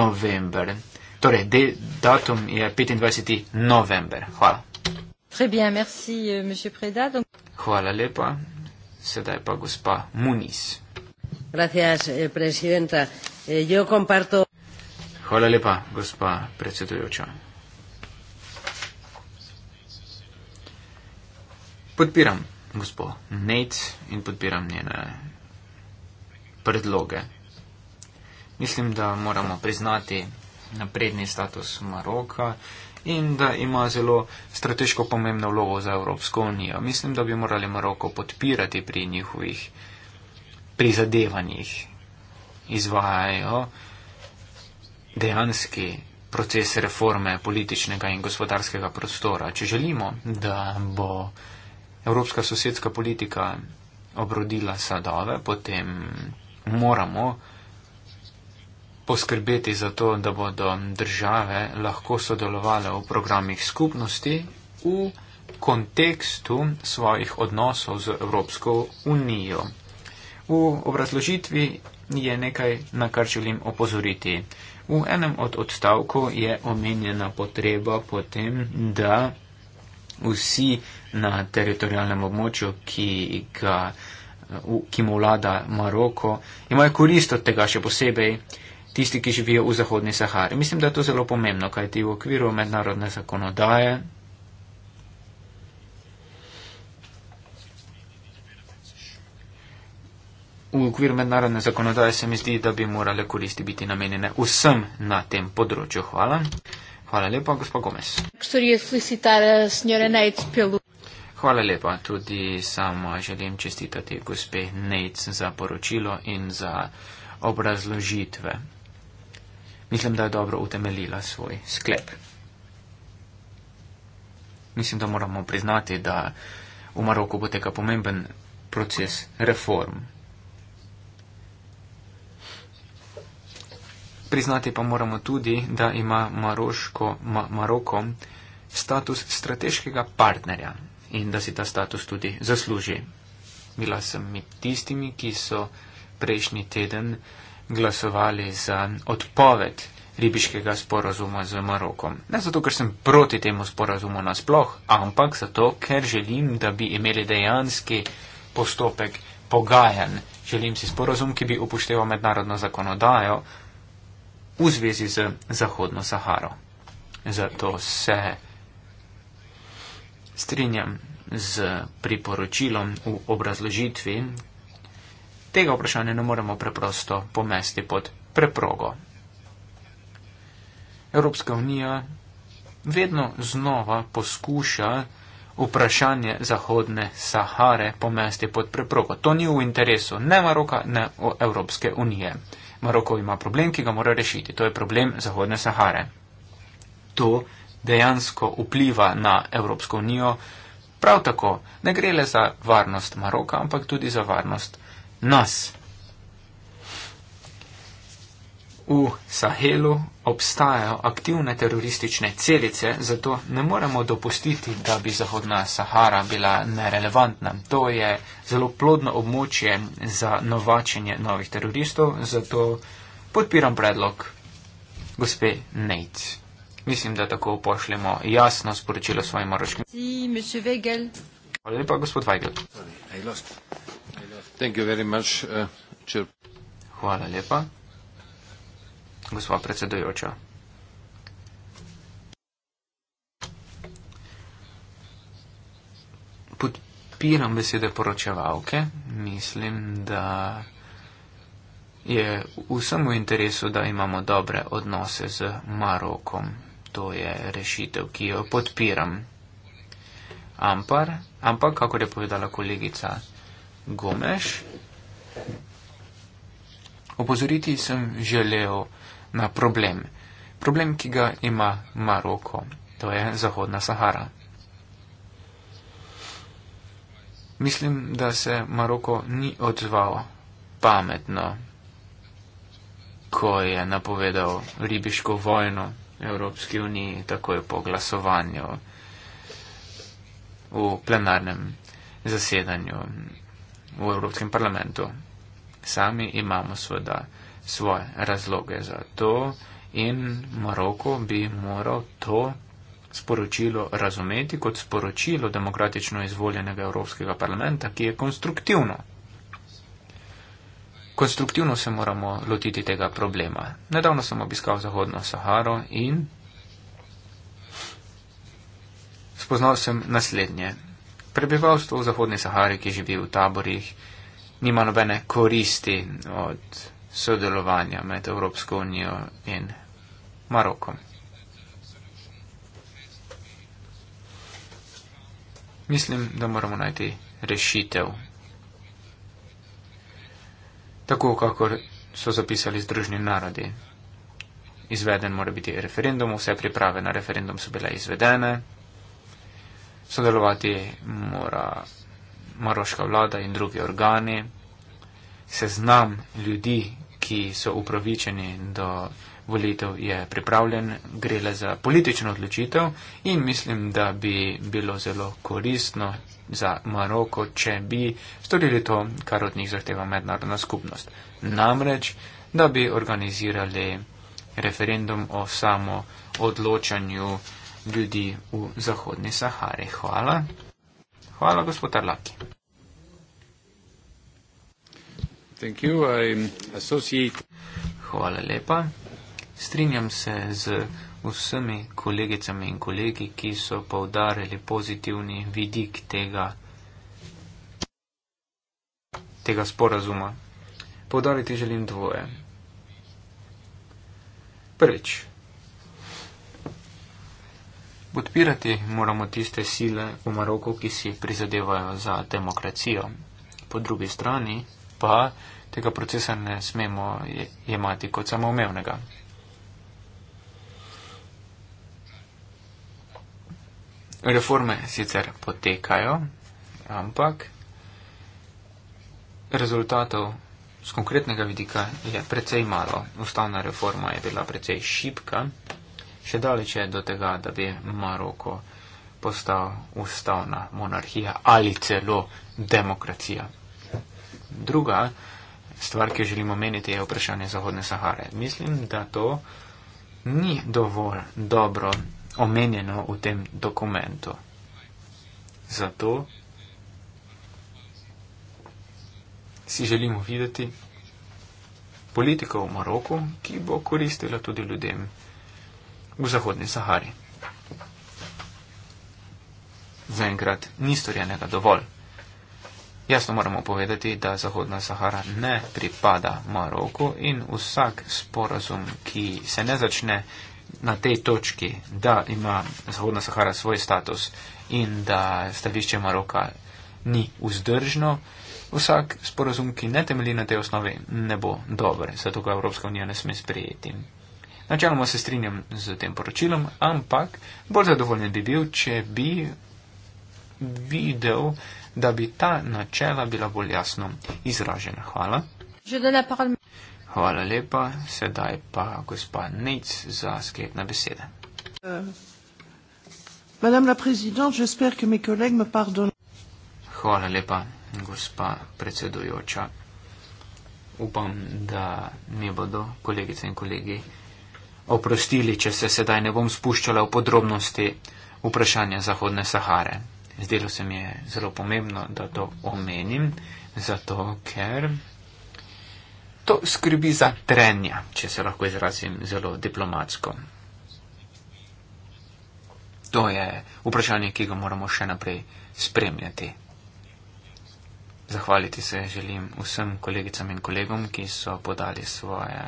D: november. Torej, de, datum je 25. november. Hvala.
B: Bien, merci, euh, Preda. Donc...
D: Hvala lepa. Sedaj pa gospa Muniz.
B: Gracias, eh, presidenta. Eh, yo comparto...
D: Hvala lepa, gospa predsedujoča. Podpiram gospo Nate in podpiram njene predloge. Mislim, da moramo priznati, napredni status Maroka in da ima zelo strateško pomembno vlogo za Evropsko unijo. Mislim, da bi morali Maroko podpirati pri njihovih prizadevanjih. Izvajajo dejanski proces reforme političnega in gospodarskega prostora. Če želimo, da bo evropska sosedska politika obrodila sadove, potem moramo poskrbeti za to, da bodo države lahko sodelovale v programih skupnosti v kontekstu svojih odnosov z Evropsko unijo. V obrazložitvi je nekaj, na kar želim opozoriti. V enem od odstavkov je omenjena potreba potem, da vsi na teritorijalnem območju, ki, ga, ki mu vlada Maroko, imajo korist od tega še posebej, tisti, ki živijo v Zahodni Sahari. Mislim, da je to zelo pomembno, kajti v okviru mednarodne zakonodaje V okviru mednarodne zakonodaje se mi zdi, da bi morale koristi biti namenjene vsem na tem področju. Hvala. Hvala lepa, gospod Gomez.
B: Eh,
D: Hvala lepa. Tudi sama želim čestitati gospe Neitz za poročilo in za obrazložitve mislim, da je dobro utemeljila svoj sklep. Mislim, da moramo priznati, da v Maroku bo teka pomemben proces reform. Priznati pa moramo tudi, da ima Maroško, ma, Maroko status strateškega partnerja in da si ta status tudi zasluži. Bila sem med tistimi, ki so prejšnji teden uh, glasovali za odpoved ribiškega sporazuma z Marokom. Ne zato, ker sem proti temu sporazumu nasploh, ampak zato, ker želim, da bi imeli dejanski postopek pogajan. Želim si sporazum, ki bi upošteval mednarodno zakonodajo v zvezi z Zahodno Saharo. Zato se strinjam z priporočilom v obrazložitvi, tega vprašanja ne moremo preprosto pomesti pod preprogo. Evropska unija vedno znova poskuša vprašanje Zahodne Sahare pomesti pod preprogo. To ni v interesu ne Maroka, ne Evropske unije. Maroko ima problem, ki ga mora rešiti. To je problem Zahodne Sahare. To dejansko vpliva na Evropsko unijo. Prav tako ne gre le za varnost Maroka, ampak tudi za varnost Evropske unije nas. V Sahelu obstajajo aktivne teroristične celice, zato ne moremo dopustiti, da bi Zahodna Sahara bila nerelevantna. To je zelo plodno območje za novačenje novih teroristov, zato podpiram predlog gospe Nate. Mislim, da tako pošljemo jasno sporočilo svojim moroškim. Hvala lepa, gospod Weigel.
C: Sorry,
D: Uh, Hvala lepa. Gospod predsedujoča. Podpiram besede poročevalke. Mislim, da je vsem v interesu, da imamo dobre odnose z Marokom. To je rešitev, ki jo podpiram. Ampak, ampak kako je povedala kolegica, Gomeš. Opozoriti sem želel na problem. Problem, ki ga ima Maroko, to je Zahodna Sahara. Mislim, da se Maroko ni odzval pametno, ko je napovedal ribiško vojno Evropski uniji takoj po glasovanju v plenarnem zasedanju v Evropskem parlamentu. Sami imamo sveda svoje razloge za to in Maroko bi moral to sporočilo razumeti kot sporočilo demokratično izvoljenega Evropskega parlamenta, ki je konstruktivno. Konstruktivno se moramo lotiti tega problema. Nedavno sem obiskal Zahodno Saharo in spoznal sem naslednje prebivalstvo v Zahodni Sahari, ki živi v taborih, nima nobene koristi od sodelovanja med Evropsko unijo in Marokom. Mislim, da moramo najti rešitev. Tako, kakor so zapisali Združni narodi. Izveden mora biti referendum, vse priprave na referendum so bile izvedene, sodelovati mora maroška vlada in drugi organi, seznam ljudi, ki so upravičeni do volitev je pripravljen, gre le za politično odločitev in mislim, da bi bilo zelo koristno za Maroko, če bi storili to, kar od njih zahteva mednarodna skupnost. Namreč, da bi organizirali referendum o samo odločanju ljudi v Zahodni Sahari. Hvala. Hvala, gospod Arlaki. Hvala lepa. Strinjam se z vsemi kolegicami in kolegi, ki so povdarjali pozitivni vidik tega, tega sporazuma. Povdariti želim dvoje. Prvič, Podpirati moramo tiste sile v Maroku, ki si prizadevajo za demokracijo. Po drugi strani pa tega procesa ne smemo jemati kot samoumevnega. Reforme sicer potekajo, ampak rezultatov z konkretnega vidika je precej malo. Ustavna reforma je bila precej šipka še daleč je do tega, da bi Maroko postal ustavna monarhija ali celo demokracija. Druga stvar, ki jo želimo meniti, je vprašanje Zahodne Sahare. Mislim, da to ni dovolj dobro omenjeno v tem dokumentu. Zato si želimo videti politiko v Maroku, ki bo koristila tudi ljudem v Zahodni Sahari. Zaenkrat ni storjenega dovolj. Jasno moramo povedati, da Zahodna Sahara ne pripada Maroku in vsak sporazum, ki se ne začne na tej točki, da ima Zahodna Sahara svoj status in da stavišče Maroka ni vzdržno, vsak sporazum, ki ne temelji na tej osnovi, ne bo dober. Zato ga Evropska unija ne sme sprejeti. Načeloma se strinjam z tem poročilom, ampak bolj zadovoljen bi bil, če bi videl, da bi ta načela bila bolj jasno izražena. Hvala. Hvala lepa, sedaj pa gospa Nec za sklepna beseda. Euh, Hvala lepa, gospa predsedujoča. Upam, da mi bodo kolegice in kolegi oprostili, če se sedaj ne bom spuščala v podrobnosti vprašanja Zahodne Sahare. Zdelo se mi je zelo pomembno, da to omenim, zato ker to skrbi za trenja, če se lahko izrazim zelo diplomatsko. To je vprašanje, ki ga moramo še naprej spremljati. Zahvaliti se želim vsem kolegicam in kolegom, ki so podali svoje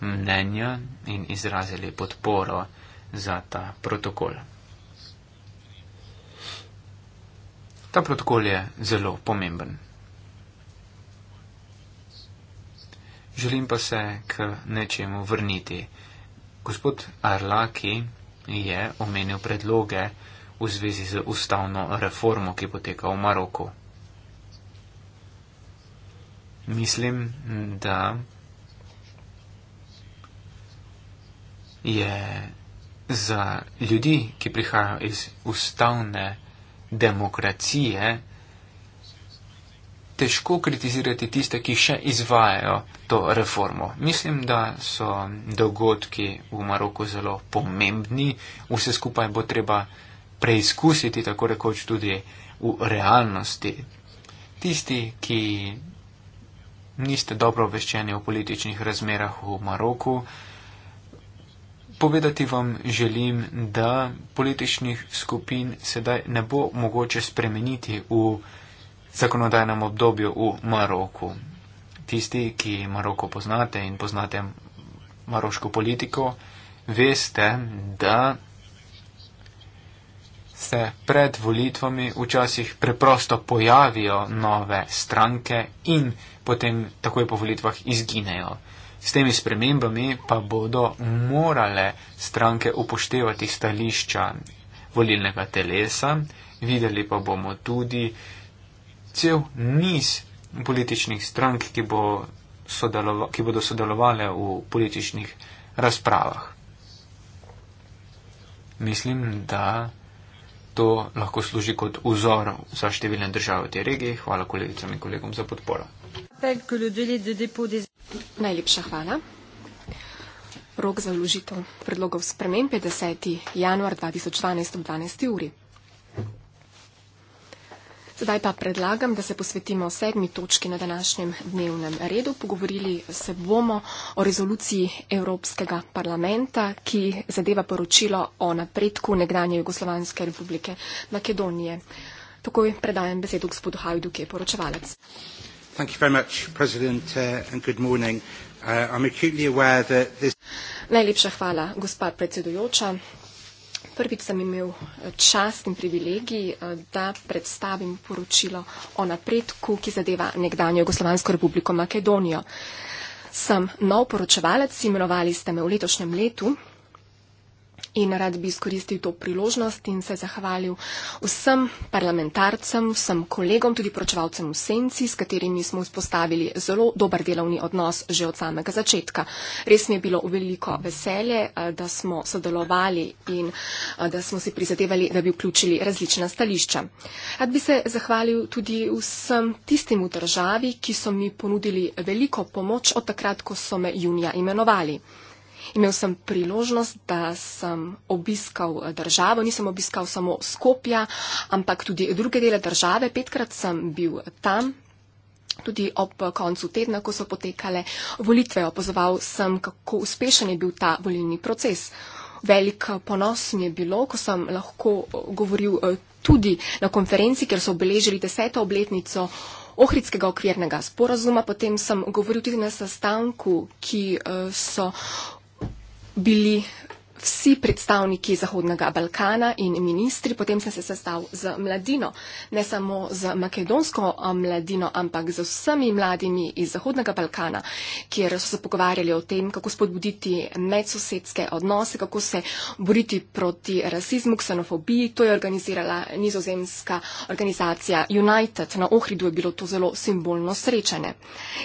D: mnenja in izrazili podporo za ta protokol. Ta protokol je zelo pomemben. Želim pa se k nečemu vrniti. Gospod Arlaki je omenil predloge v zvezi z ustavno reformo, ki poteka v Maroku. Mislim, da je za ljudi, ki prihajajo iz ustavne demokracije, težko kritizirati tiste, ki še izvajajo to reformo. Mislim, da so dogodki v Maroku zelo pomembni, vse skupaj bo treba preizkusiti, tako rekoč tudi v realnosti. Tisti, ki niste dobro obveščeni o političnih razmerah v Maroku, Povedati vam želim, da političnih skupin sedaj ne bo mogoče spremeniti v zakonodajnem obdobju v Maroku. Tisti, ki Maroko poznate in poznate maroško politiko, veste, da se pred volitvami včasih preprosto pojavijo nove stranke in potem takoj po volitvah izginejo. S temi spremembami pa bodo morale stranke upoštevati stališča volilnega telesa, videli pa bomo tudi cel niz političnih strank, ki, bo sodelova, ki bodo sodelovali v političnih razpravah. Mislim, da to lahko služi kot vzor za številne države v tej regiji. Hvala kolegicam in kolegom za podporo.
C: Najlepša hvala. Rok za vložitev predlogov sprememb je 10. januar 2012 ob 12. uri. Sedaj pa predlagam, da se posvetimo sedmi točki na današnjem dnevnem redu. Pogovorili se bomo o rezoluciji Evropskega parlamenta, ki zadeva poročilo o napredku nekdanje Jugoslovanske republike Makedonije. Takoj predajam besedo gospodu Hajdu, ki je poročevalec.
D: Thank you very much, President, uh, and good morning. Uh, I'm
B: acutely aware that this...
C: Najlepša hvala, gospod predsedujoča. Prvič sem imel eh, čast in privilegij, eh, da predstavim poročilo o napredku, ki zadeva nekdanjo Jugoslovansko republiko Makedonijo. Sem nov poročevalec, imenovali ste me v letošnjem letu. In rad bi izkoristil to priložnost in se zahvalil vsem parlamentarcem, vsem kolegom, tudi pročevalcem v senci, s katerimi smo vzpostavili zelo dober delovni odnos že od samega začetka. Res mi je bilo v veliko veselje, da smo sodelovali in da smo si prizadevali, da bi vključili različna stališča. Rad bi se zahvalil tudi vsem tistim v državi, ki so mi ponudili veliko pomoč od takrat, ko so me junija imenovali. Imel sem priložnost, da sem obiskal eh, državo, nisem obiskal samo Skopja, ampak tudi druge dele države. Petkrat sem bil tam. Tudi ob koncu tedna, ko so potekale volitve, opozoval sem, kako uspešen je bil ta volilni proces. Velik eh, ponos mi je bilo, ko sem lahko eh, govoril tudi na konferenci, kjer so obeležili deseto obletnico Ohridskega okvirnega sporazuma. Potem sem govoril tudi na sestanku, ki so bili vsi predstavniki Zahodnega Balkana in ministri, potem sem se sestal z mladino, ne samo z makedonsko eh, mladino, ampak z vsemi mladimi iz Zahodnega Balkana, kjer so se pogovarjali o tem, kako spodbuditi medsosedske odnose, kako se boriti proti rasizmu, ksenofobiji. To je organizirala nizozemska organizacija United. Na Ohridu je bilo to zelo simbolno srečanje.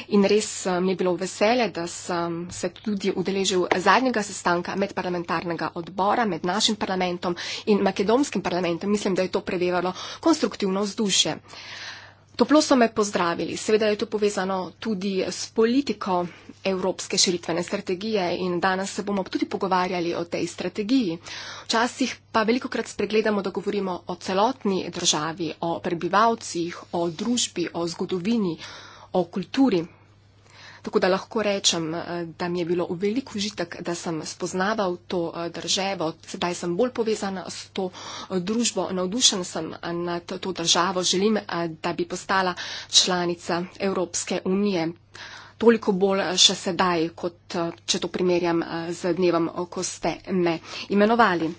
C: In res eh, mi je bilo vesele, da sem se tudi udeležil zadnjega sestanka medparlamentarnega parlamentarnega odbora med našim parlamentom in makedonskim parlamentom, mislim, da je to prevevalo konstruktivno vzdušje. Toplo so me pozdravili. Seveda je to povezano tudi s politiko evropske širitvene strategije in danes se bomo tudi pogovarjali o tej strategiji. Včasih pa veliko krat spregledamo, da govorimo o celotni državi, o prebivalcih, o družbi, o zgodovini, o kulturi. Tako da lahko rečem, eh, da mi je bilo v veliko užitek, da sem spoznaval to eh, državo, sedaj sem bolj povezan s to eh, družbo, navdušen sem nad to državo, želim, da bi postala članica Evropske unije. Toliko bolj še sedaj, kot če to primerjam z dnevom, ko ste me imenovali.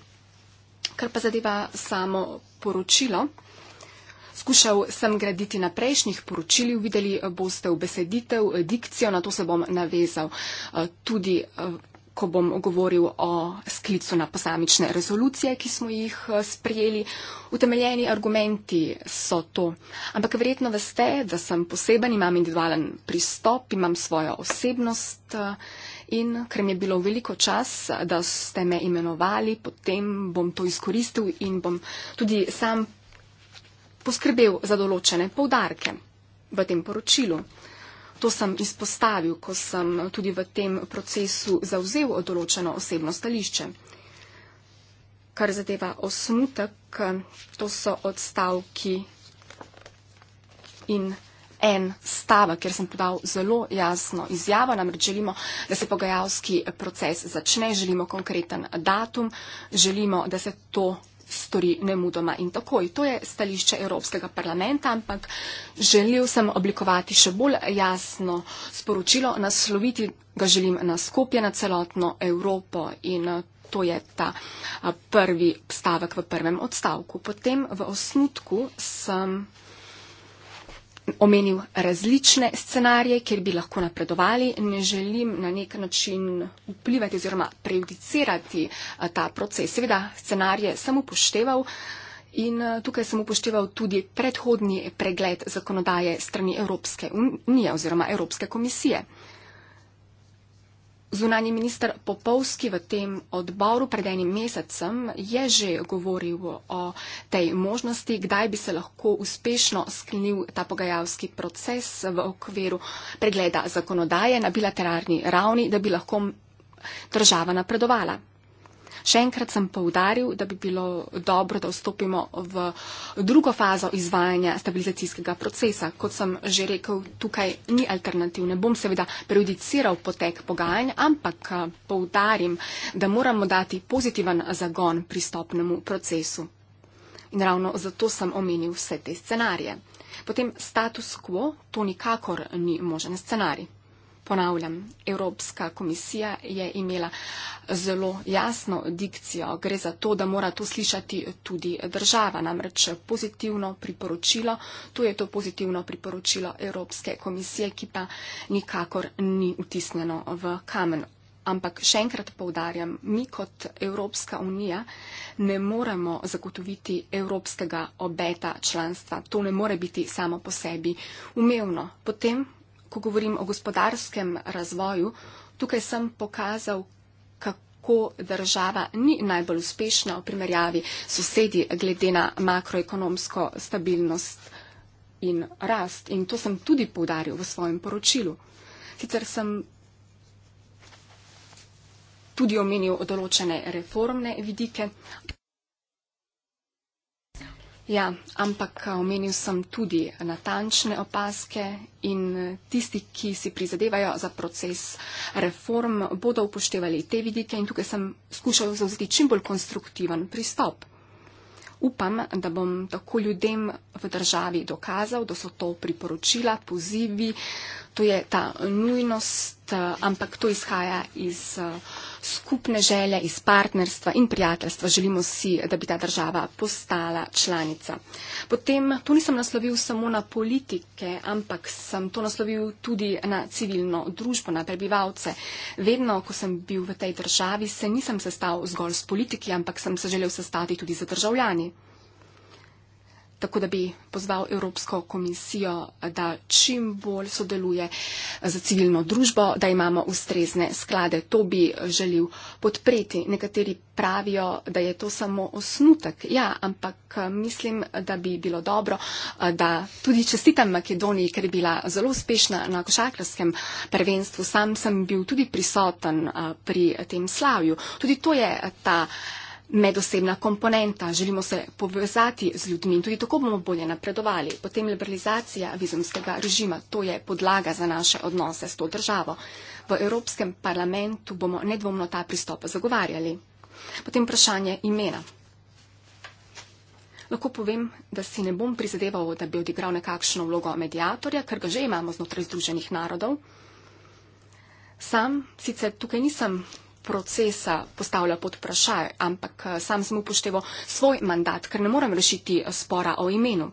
C: Kar pa zadeva samo poročilo skušal sem graditi na prejšnjih poročilih, videli boste v beseditev, dikcijo, na to se bom navezal eh, tudi eh, ko bom govoril o sklicu na posamične rezolucije, ki smo jih eh, sprijeli. Utemeljeni argumenti so to. Ampak verjetno veste, da sem poseben, imam individualen pristop, imam svojo osebnost in ker mi je bilo veliko čas, da ste me imenovali, potem bom to izkoristil in bom tudi sam poskrbel za določene poudarke v tem poročilu. To sem izpostavil, ko sem tudi v tem procesu zauzel določeno osebno stališče. Kar zadeva osnutek, to so odstavki in en stavek, kjer sem podal zelo jasno izjavo, namreč želimo, da se pogajalski proces začne, želimo konkreten datum, želimo, da se to stori nemudoma in takoj. To je stališče Evropskega parlamenta, ampak želel sem oblikovati še bolj jasno sporočilo, nasloviti ga želim na skupje, na celotno Evropo in eh, to je ta eh, prvi stavek v prvem odstavku. Potem v osnutku sem omenil različne scenarije, kjer bi lahko napredovali. Ne želim na nek način vplivati oziroma prejudicirati ta proces. Seveda, scenarije sem upošteval. In tukaj sem upošteval tudi predhodni pregled zakonodaje strani Evropske unije oziroma Evropske komisije. Zunani minister Popovski v tem odboru pred enim mesecem je že govoril o tej možnosti, kdaj bi se lahko uspešno sklenil ta pogajalski proces v okviru pregleda zakonodaje na bilateralni ravni, da bi lahko država napredovala. Še enkrat sem poudaril, da bi bilo dobro, da vstopimo v drugo fazo izvajanja stabilizacijskega procesa. Kot sem že rekel, tukaj ni alternativ. Ne bom seveda prejudiciral potek pogajanj, ampak eh, poudarim, da moramo dati pozitiven zagon pristopnemu procesu. In ravno zato sem omenil vse te scenarije. Potem status quo, to nikakor ni možen scenarij ponavljam, Evropska komisija je imela zelo jasno dikcijo. Gre za to, da mora to slišati tudi država. Namreč pozitivno priporočilo, to je to pozitivno priporočilo Evropske komisije, ki pa nikakor ni vtisnjeno v kamen. Ampak še enkrat povdarjam, mi kot Evropska unija ne moremo zagotoviti evropskega obeta članstva. To ne more biti samo po sebi umevno. Potem ko govorim o gospodarskem razvoju, tukaj sem pokazal, kako država ni najbolj uspešna v primerjavi sosedi glede na makroekonomsko stabilnost in rast. In to sem tudi poudaril v svojem poročilu. Sicer sem tudi omenil določene reformne vidike. Ja, ampak omenil sem tudi natančne opaske in e, tisti, ki si prizadevajo za proces reform, bodo upoštevali te vidike in tukaj sem skušal zauzeti čim bolj konstruktiven pristop. Upam, da bom tako ljudem v državi dokazal, da so to priporočila, pozivi, to je ta nujnost Eh, ampak to izhaja iz eh, skupne želje, iz partnerstva in prijateljstva. Želimo si, da bi ta država postala članica. Potem to nisem naslovil samo na politike, ampak sem to naslovil tudi na civilno družbo, na prebivalce. Vedno, ko sem bil v tej državi, se nisem sestal zgolj s politiki, ampak sem se želel sestati tudi z državljani tako da bi pozval Evropsko komisijo, da čim bolj sodeluje za civilno družbo, da imamo ustrezne sklade. To bi želil podpreti. Nekateri pravijo, da je to samo osnutek. Ja, ampak eh, mislim, da bi bilo dobro, eh, da tudi čestitam Makedoniji, ker je bila zelo uspešna na košakarskem prvenstvu. Sam sem bil tudi prisoten eh, pri tem slavju. Tudi to je ta medosebna komponenta, želimo se povezati z ljudmi in tudi tako bomo bolje napredovali. Potem liberalizacija vizumskega režima, to je podlaga za naše odnose s to državo. V Evropskem parlamentu bomo nedvomno ta pristop zagovarjali. Potem vprašanje imena. Lahko povem, da si ne bom prizadeval, da bi odigral nekakšno vlogo medijatorja, ker ga že imamo znotraj Združenih narodov. Sam sicer tukaj nisem procesa postavlja pod vprašaj, ampak eh, sam sem upošteval svoj mandat, ker ne morem rešiti eh, spora o imenu.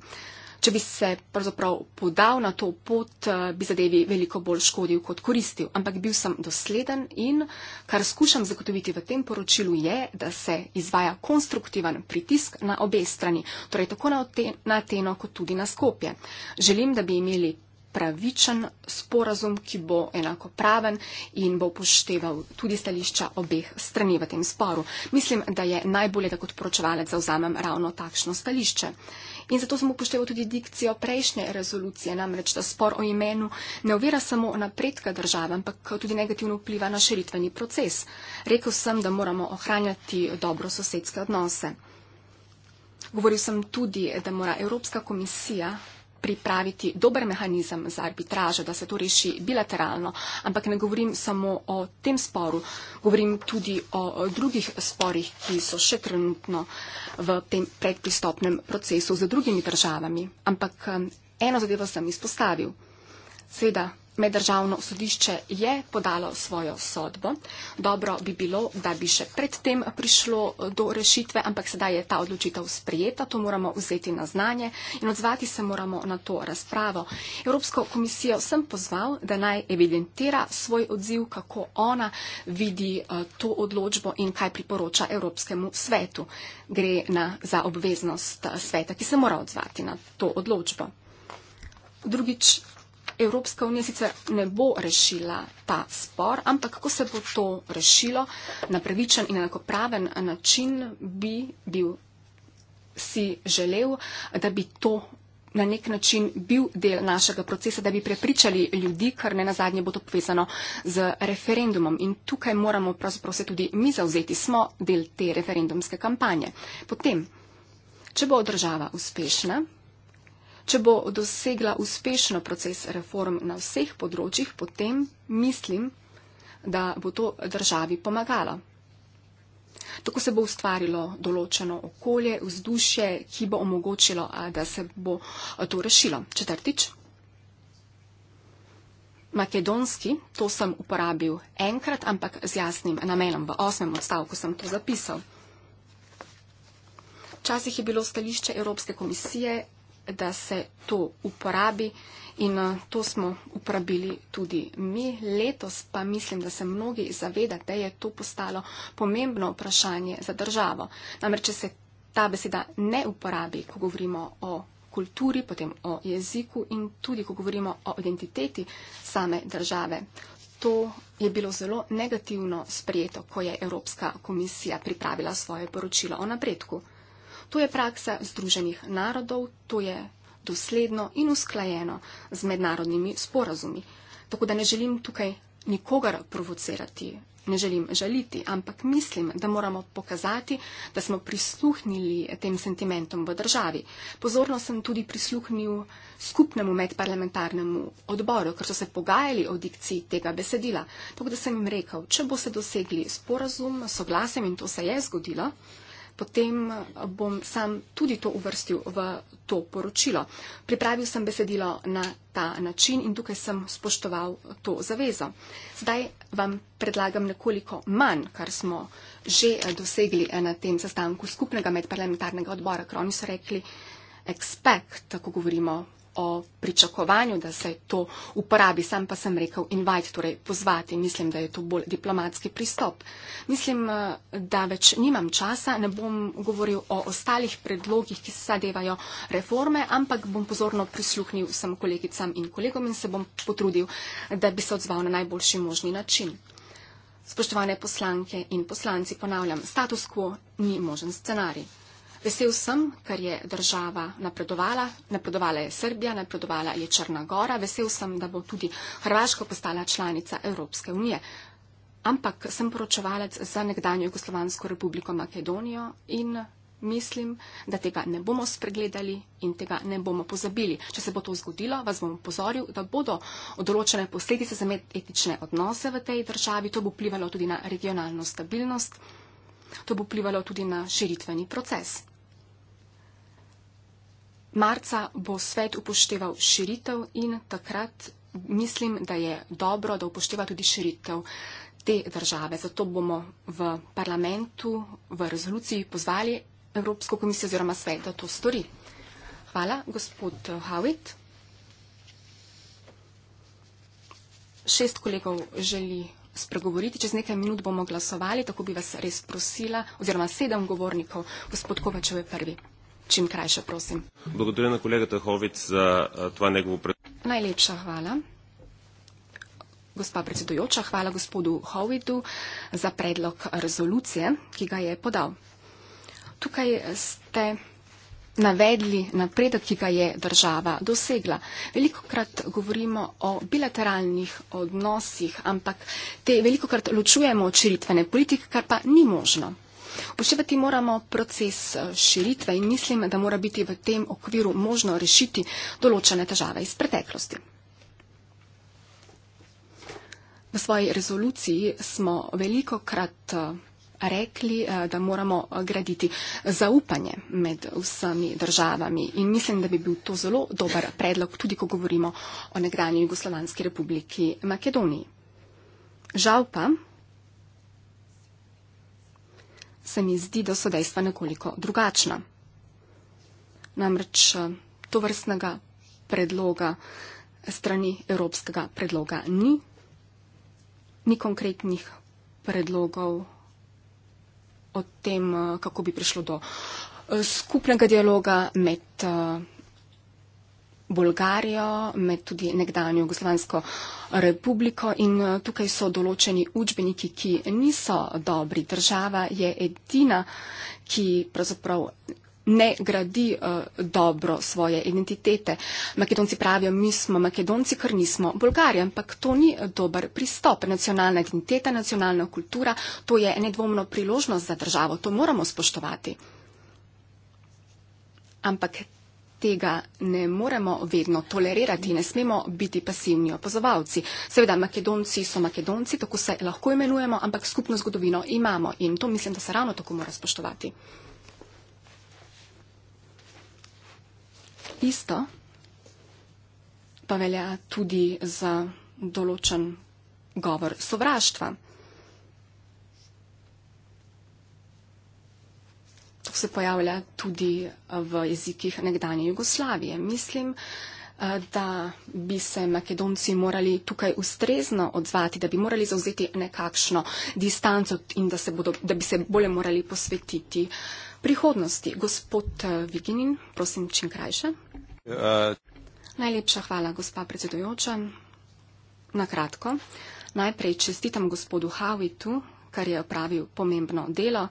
C: Če bi se pravzaprav podal na to pot, eh, bi zadevi veliko bolj škodil kot koristil, ampak bil sem dosleden in kar skušam zagotoviti v tem poročilu je, da se izvaja konstruktivan pritisk na obe strani, torej tako na Ateno kot tudi na Skopje. Želim, da bi imeli pravičen sporazum, ki bo enakopraven in bo pošteval tudi stališča obeh strani v tem sporu. Mislim, da je najbolje, da kot poročevalec zauzamem ravno takšno stališče. In zato sem upošteval tudi dikcijo prejšnje rezolucije, namreč, da spor o imenu ne uvira samo napredka države, ampak tudi negativno vpliva na širitveni proces. Rekl sem, da moramo ohranjati dobro sosedske odnose. Govoril sem tudi, da mora Evropska komisija pripraviti dober mehanizem za arbitražo, da se to reši bilateralno. Ampak ne govorim samo o tem sporu, govorim tudi o drugih sporih, ki so še trenutno v tem predpristopnem procesu z drugimi državami. Ampak eno zadevo sem izpostavil. Seveda, Meddržavno sodišče je podalo svojo sodbo. Dobro bi bilo, da bi še predtem prišlo eh, do rešitve, ampak sedaj je ta odločitev sprijeta, to moramo vzeti na znanje in odzvati se moramo na to razpravo. Evropsko komisijo sem pozval, da naj evidentira svoj odziv, kako ona vidi eh, to odločbo in kaj priporoča Evropskemu svetu. Gre na, za obveznost eh, sveta, ki se mora odzvati na to odločbo. Drugič, Evropska unija sicer ne bo rešila ta spor, ampak kako se bo to rešilo na pravičen in enakopraven način, bi bil si želel, da bi to na nek način bil del našega procesa, da bi prepričali ljudi, kar ne nazadnje bo to povezano z referendumom. In tukaj moramo pravzaprav se tudi mi zauzeti, smo del te referendumske kampanje. Potem, če bo država uspešna, Če bo dosegla uspešno proces reform na vseh področjih, potem mislim, da bo to državi pomagalo. Tako se bo ustvarilo določeno okolje, vzdušje, ki bo omogočilo, da se bo to rešilo. Četrtič. Makedonski, to sem uporabil enkrat, ampak z jasnim namenom. V osmem odstavku sem to zapisal. Včasih je bilo stališče Evropske komisije da se to uporabi in eh, to smo uporabili tudi mi letos, pa mislim, da se mnogi zavedate, da je to postalo pomembno vprašanje za državo. Namreč, če se ta beseda ne uporabi, ko govorimo o kulturi, potem o jeziku in tudi, ko govorimo o identiteti same države. To je bilo zelo negativno sprejeto, ko je Evropska komisija pripravila svoje poročilo o napredku. To je praksa Združenih narodov, to je dosledno in usklajeno z mednarodnimi sporazumi. Tako da ne želim tukaj nikogar provocirati, ne želim žaliti, ampak mislim, da moramo pokazati, da smo prisluhnili tem sentimentom v državi. Pozorno sem tudi prisluhnil skupnemu medparlamentarnemu odboru, ker so se pogajali o dikciji tega besedila. Tako da sem jim rekel, če bo se dosegli sporazum, soglasem in to se je zgodilo, potem eh, bom sam tudi to uvrstil v to poročilo. Pripravil sem besedilo na ta način in tukaj sem spoštoval to zavezo. Zdaj vam predlagam nekoliko manj, kar smo že eh, dosegli eh, na tem sestanku skupnega medparlamentarnega odbora, ker oni so rekli expect, ko govorimo o pričakovanju, da se to uporabi. Sam pa sem rekel invite, torej pozvati. Mislim, da je to bolj diplomatski pristop. Mislim, eh, da več nimam časa, ne bom govoril o ostalih predlogih, ki se zadevajo reforme, ampak bom pozorno prisluhnil vsem kolegicam in kolegom in se bom potrudil, da bi se odzval na najboljši možni način. Spoštovane poslanke in poslanci, ponavljam, status quo ni možen scenarij. Vesel sem, ker je država napredovala. Napredovala je Srbija, napredovala je Črna Gora. Vesel sem, da bo tudi Hrvaška postala članica Evropske unije. Ampak sem poročevalec za nekdanjo Jugoslovansko republiko Makedonijo in mislim, da tega ne bomo spregledali in tega ne bomo pozabili. Če se bo to zgodilo, vas bom upozoril, da bodo odločene posledice za medetične odnose v tej državi. To bo vplivalo tudi na regionalno stabilnost. To bo vplivalo tudi na širitveni proces. Marca bo svet upošteval širitev in takrat mislim, da je dobro, da upošteva tudi širitev te države. Zato bomo v parlamentu v rezoluciji pozvali Evropsko komisijo oziroma svet, da to stori. Hvala, gospod Hawit. Šest kolegov želi spregovoriti. Čez nekaj minut bomo glasovali, tako bi vas res prosila, oziroma sedem govornikov, gospod Kovačev je prvi čim krajše, prosim.
E: Blagodarjena kolega Tahovic za tva njegovo predstavljanje.
C: Najlepša hvala. Gospa predsedujoča, hvala gospodu Hovidu za predlog rezolucije, ki ga je podal. Tukaj ste navedli napredek, ki ga je država dosegla. Velikokrat govorimo o bilateralnih odnosih, ampak te velikokrat ločujemo od širitvene politike, kar pa ni možno. Upoštevati moramo proces eh, širitve in mislim, da mora biti v tem okviru možno rešiti določene težave iz preteklosti. V svoji rezoluciji smo veliko krat eh, rekli, eh, da moramo graditi zaupanje med vsemi državami in mislim, da bi bil to zelo dober predlog, tudi ko govorimo o nekdanji Jugoslovanski republiki Makedoniji. Žal pa, se mi zdi, da so dejstva nekoliko drugačna. Namreč eh, to vrstnega predloga eh, strani evropskega predloga ni, ni konkretnih predlogov o tem, eh, kako bi prišlo do skupnega dialoga med. Bolgarijo, med tudi nekdanjo Jugoslavijsko republiko in eh, tukaj so določeni učbeniki, ki niso dobri. Država je edina, ki pravzaprav ne gradi uh, dobro svoje identitete. Makedonci pravijo, mi smo Makedonci, ker nismo Bolgarija, ampak to ni dober pristop. Nacionalna identiteta, nacionalna kultura, to je nedvomno priložnost za državo, to moramo spoštovati. Ampak tega ne moremo vedno tolerirati, ne smemo biti pasivni opozovalci. Seveda, Makedonci so Makedonci, tako se lahko imenujemo, ampak skupno zgodovino imamo in to mislim, da se ravno tako mora spoštovati. Isto pa velja tudi za določen govor sovraštva. to se pojavlja tudi eh, v jezikih nekdanje Jugoslavije. Mislim, eh, da bi se Makedonci morali tukaj ustrezno odzvati, da bi morali zauzeti nekakšno distanco in da, se bodo, da bi se bolje morali posvetiti prihodnosti. Gospod eh, Viginin, prosim, čim krajše. Uh. Najlepša hvala, gospa predsedujoča. Na kratko, najprej čestitam gospodu Havitu, kar je opravil pomembno delo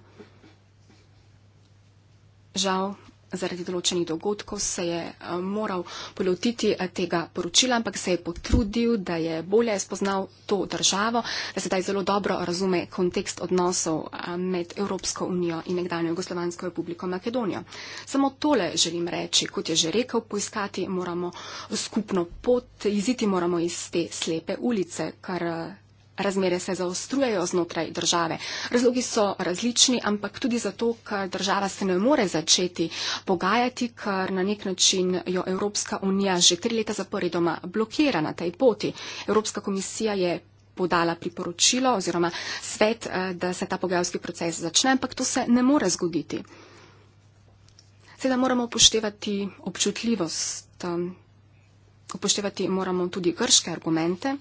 C: žal zaradi določenih dogodkov se je eh, moral polotiti eh, tega poročila, ampak se je potrudil, da je bolje spoznal to državo, da sedaj zelo dobro razume kontekst odnosov eh, med Evropsko unijo in nekdanjo Jugoslovansko republiko Makedonijo. Samo tole želim reči, kot je že rekel, poiskati moramo skupno pot, iziti moramo iz te slepe ulice, kar razmere se zaostrujejo znotraj države. Razlogi so različni, ampak tudi zato, ker država se ne more začeti pogajati, ker na nek način jo Evropska unija že tri leta zaporedoma blokira na tej poti. Evropska komisija je podala priporočilo oziroma svet, eh, da se ta pogajalski proces začne, ampak to se ne more zgoditi. Seveda moramo upoštevati občutljivost, eh, upoštevati moramo tudi grške argumente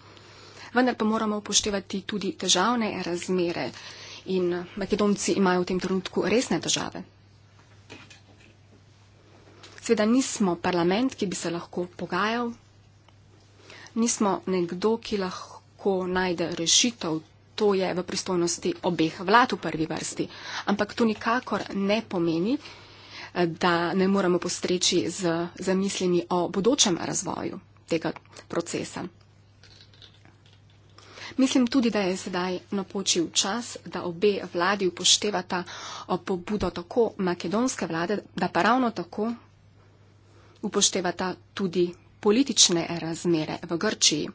C: vendar pa moramo upoštevati tudi težavne razmere in makedonci imajo v tem trenutku resne težave. Sveda nismo parlament, ki bi se lahko pogajal, nismo nekdo, ki lahko najde rešitev, to je v pristojnosti obeh vlad v prvi vrsti, ampak to nikakor ne pomeni, da ne moramo postreči z zamislimi o bodočem razvoju tega procesa. Mislim tudi, da je sedaj napočil čas, da obe vladi upoštevata pobudo tako makedonske vlade, da pa ravno tako upoštevata tudi politične razmere v Grčiji,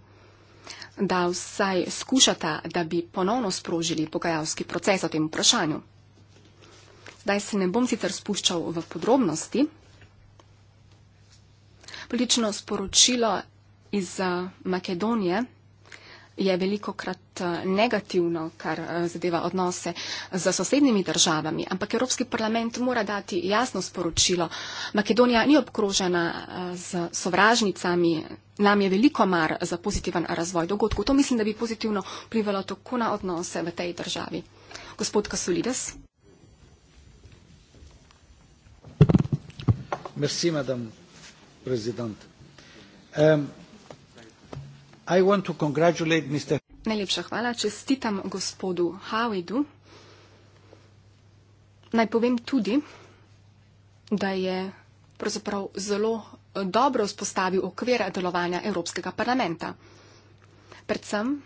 C: da vsaj skušata, da bi ponovno sprožili pogajalski proces o tem vprašanju. Zdaj se ne bom sicer spuščal v podrobnosti. Politično sporočilo iz eh, Makedonije je veliko krat eh, negativno, kar eh, zadeva odnose z sosednjimi državami, ampak Evropski parlament mora dati jasno sporočilo. Makedonija ni obkrožena eh, z sovražnicami, nam je veliko mar za pozitiven razvoj dogodkov. To mislim, da bi pozitivno vplivalo tako na odnose v tej državi. Gospod Kasulides.
E: Merci, madam, prezident. Um, euh, Mr.
C: Najlepša hvala. Čestitam gospodu Hawidu. Naj povem tudi, da je pravzaprav zelo eh, dobro vzpostavil okvir delovanja Evropskega parlamenta. Predvsem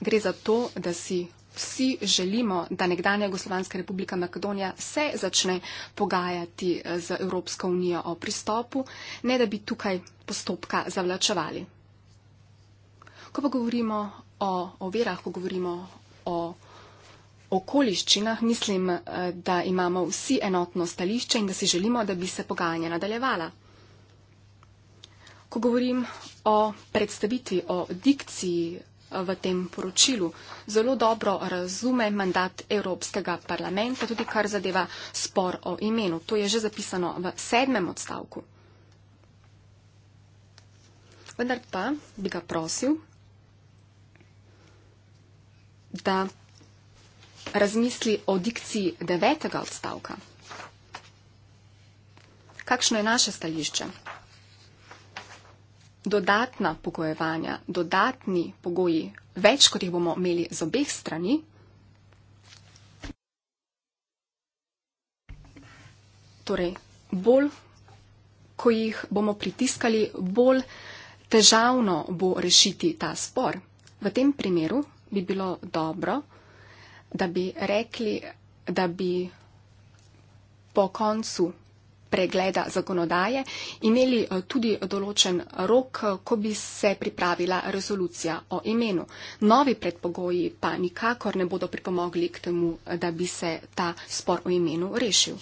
C: gre za to, da si vsi želimo, da nekdanja Jugoslovanska republika Makedonija se začne pogajati eh, z Evropsko unijo o pristopu, ne da bi tukaj postopka zavlačevali. Ko pa govorimo o overah, ko govorimo o okoliščinah, mislim, eh, da imamo vsi enotno stališče in da si želimo, da bi se pogajanja nadaljevala. Ko govorim o predstavitvi, o dikciji eh, v tem poročilu, zelo dobro razume mandat Evropskega parlamenta, tudi kar zadeva spor o imenu. To je že zapisano v sedmem odstavku. Vendar pa bi ga prosil, da razmisli o dikciji devetega odstavka. Kakšno je naše stališče? Dodatna pogojevanja, dodatni pogoji, več kot jih bomo imeli z obeh strani, torej bolj, ko jih bomo pritiskali, bolj težavno bo rešiti ta spor. V tem primeru bi bilo dobro, da bi rekli, da bi po koncu pregleda zakonodaje imeli eh, tudi določen rok, eh, ko bi se pripravila rezolucija o imenu. Novi predpogoji pa nikakor ne bodo pripomogli k temu, da bi se ta spor o imenu rešil.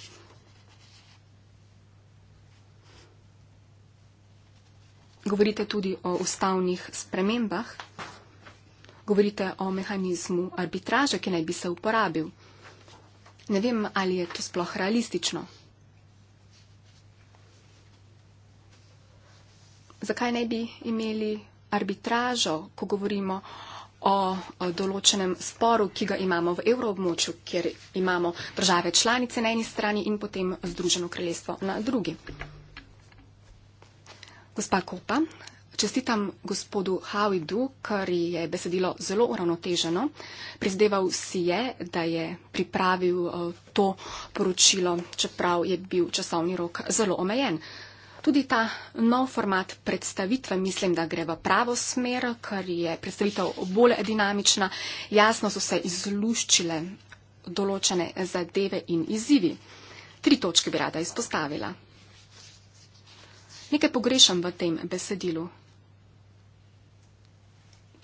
C: Govorite tudi o ustavnih spremembah. Govorite o mehanizmu arbitraže, ki naj bi se uporabil. Ne vem, ali je to sploh realistično. Zakaj ne bi imeli arbitražo, ko govorimo o določenem sporu, ki ga imamo v evroobmočju, kjer imamo države članice na eni strani in potem Združeno kraljestvo na drugi? Gospa Kopa, Čestitam gospodu Hawidu, kar je besedilo zelo uravnoteženo. Prizdeval si je, da je pripravil eh, to poročilo, čeprav je bil časovni rok zelo omejen. Tudi ta nov format predstavitve mislim, da gre v pravo smer, ker je predstavitev bolj dinamična, jasno so se izluščile določene zadeve in izzivi. Tri točke bi rada izpostavila. Nekaj pogrešam v tem besedilu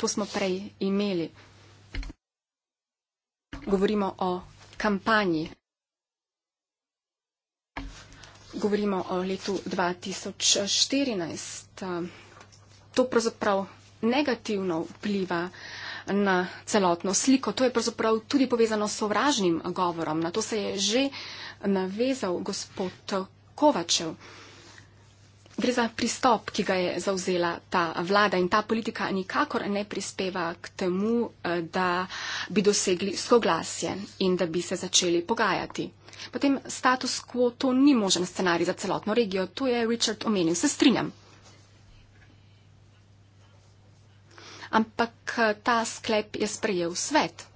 C: to smo prej imeli. Govorimo o kampanji. Govorimo o letu 2014. To pravzaprav negativno vpliva na celotno sliko. To je pravzaprav tudi povezano s sovražnim govorom. Na to se je že navezal gospod Kovačev gre za pristop, ki ga je zauzela ta vlada in ta politika nikakor ne prispeva k temu, eh, da bi dosegli soglasje in da bi se začeli pogajati. Potem status quo to ni možen scenarij za celotno regijo, to je Richard omenil, se strinjam. Ampak eh, ta sklep je sprejel svet.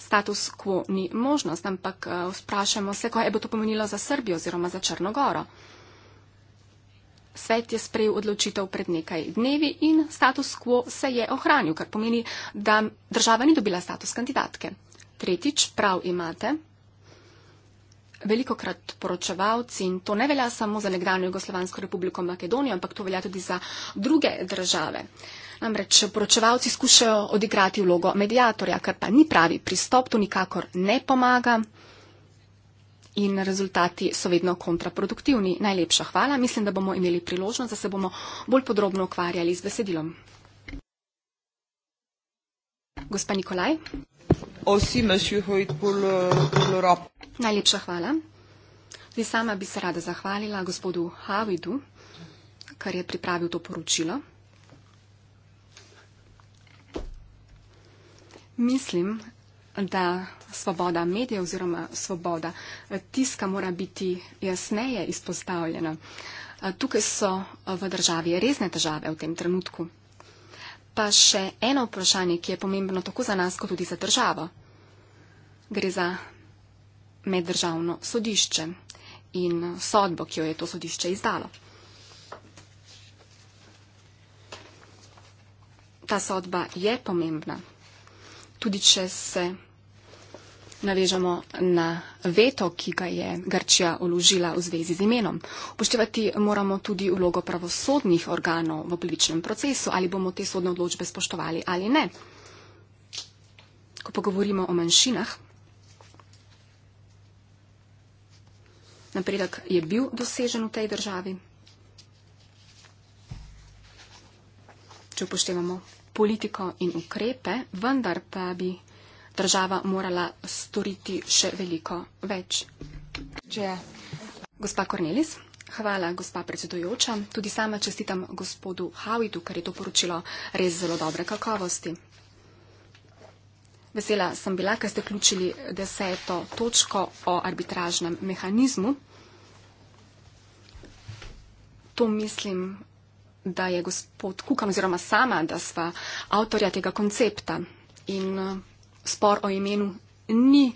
C: Status quo ni možnost, ampak eh, vprašamo se, kaj bo to pomenilo za Srbijo oziroma za Črnogoro. Svet je sprejel odločitev pred nekaj dnevi in status quo se je ohranil, kar pomeni, da država ni dobila status kandidatke. Tretjič, prav imate. Velikokrat poročevalci in to ne velja samo za nekdanjo Jugoslovansko republiko Makedonijo, ampak to velja tudi za druge države. Namreč poročevalci skušajo odigrati vlogo medijatorja, kar pa ni pravi pristop, to nikakor ne pomaga in rezultati so vedno kontraproduktivni. Najlepša hvala. Mislim, da bomo imeli priložnost, da se bomo bolj podrobno ukvarjali z besedilom. Gospa Nikolaj. Najlepša hvala. Zdaj sama bi se rada zahvalila gospodu Havidu, kar je pripravil to poročilo. Mislim, da svoboda medijev oziroma svoboda eh, tiska mora biti jasneje izpostavljena. Eh, tukaj so eh, v državi resne težave v tem trenutku. Pa še eno vprašanje, ki je pomembno tako za nas, kot tudi za državo. Gre za meddržavno sodišče in sodbo, ki jo je to sodišče izdalo. Ta sodba je pomembna, tudi če se navežemo na veto, ki ga je Grčija uložila v zvezi z imenom. Upoštevati moramo tudi vlogo pravosodnih organov v političnem procesu, ali bomo te sodne odločbe spoštovali ali ne. Ko pogovorimo o manjšinah, napredek je bil dosežen v tej državi, če upoštevamo politiko in ukrepe, vendar pa bi država morala storiti še veliko več. Če je gospa Kornelis. Hvala, gospa predsedujoča. Tudi sama čestitam gospodu Hawidu, ker je to poročilo res zelo dobre kakovosti. Vesela sem bila, ker ste vključili deseto točko o arbitražnem mehanizmu. To mislim, da je gospod Kukam oziroma sama, da sva avtorja tega koncepta. In spor o imenu ni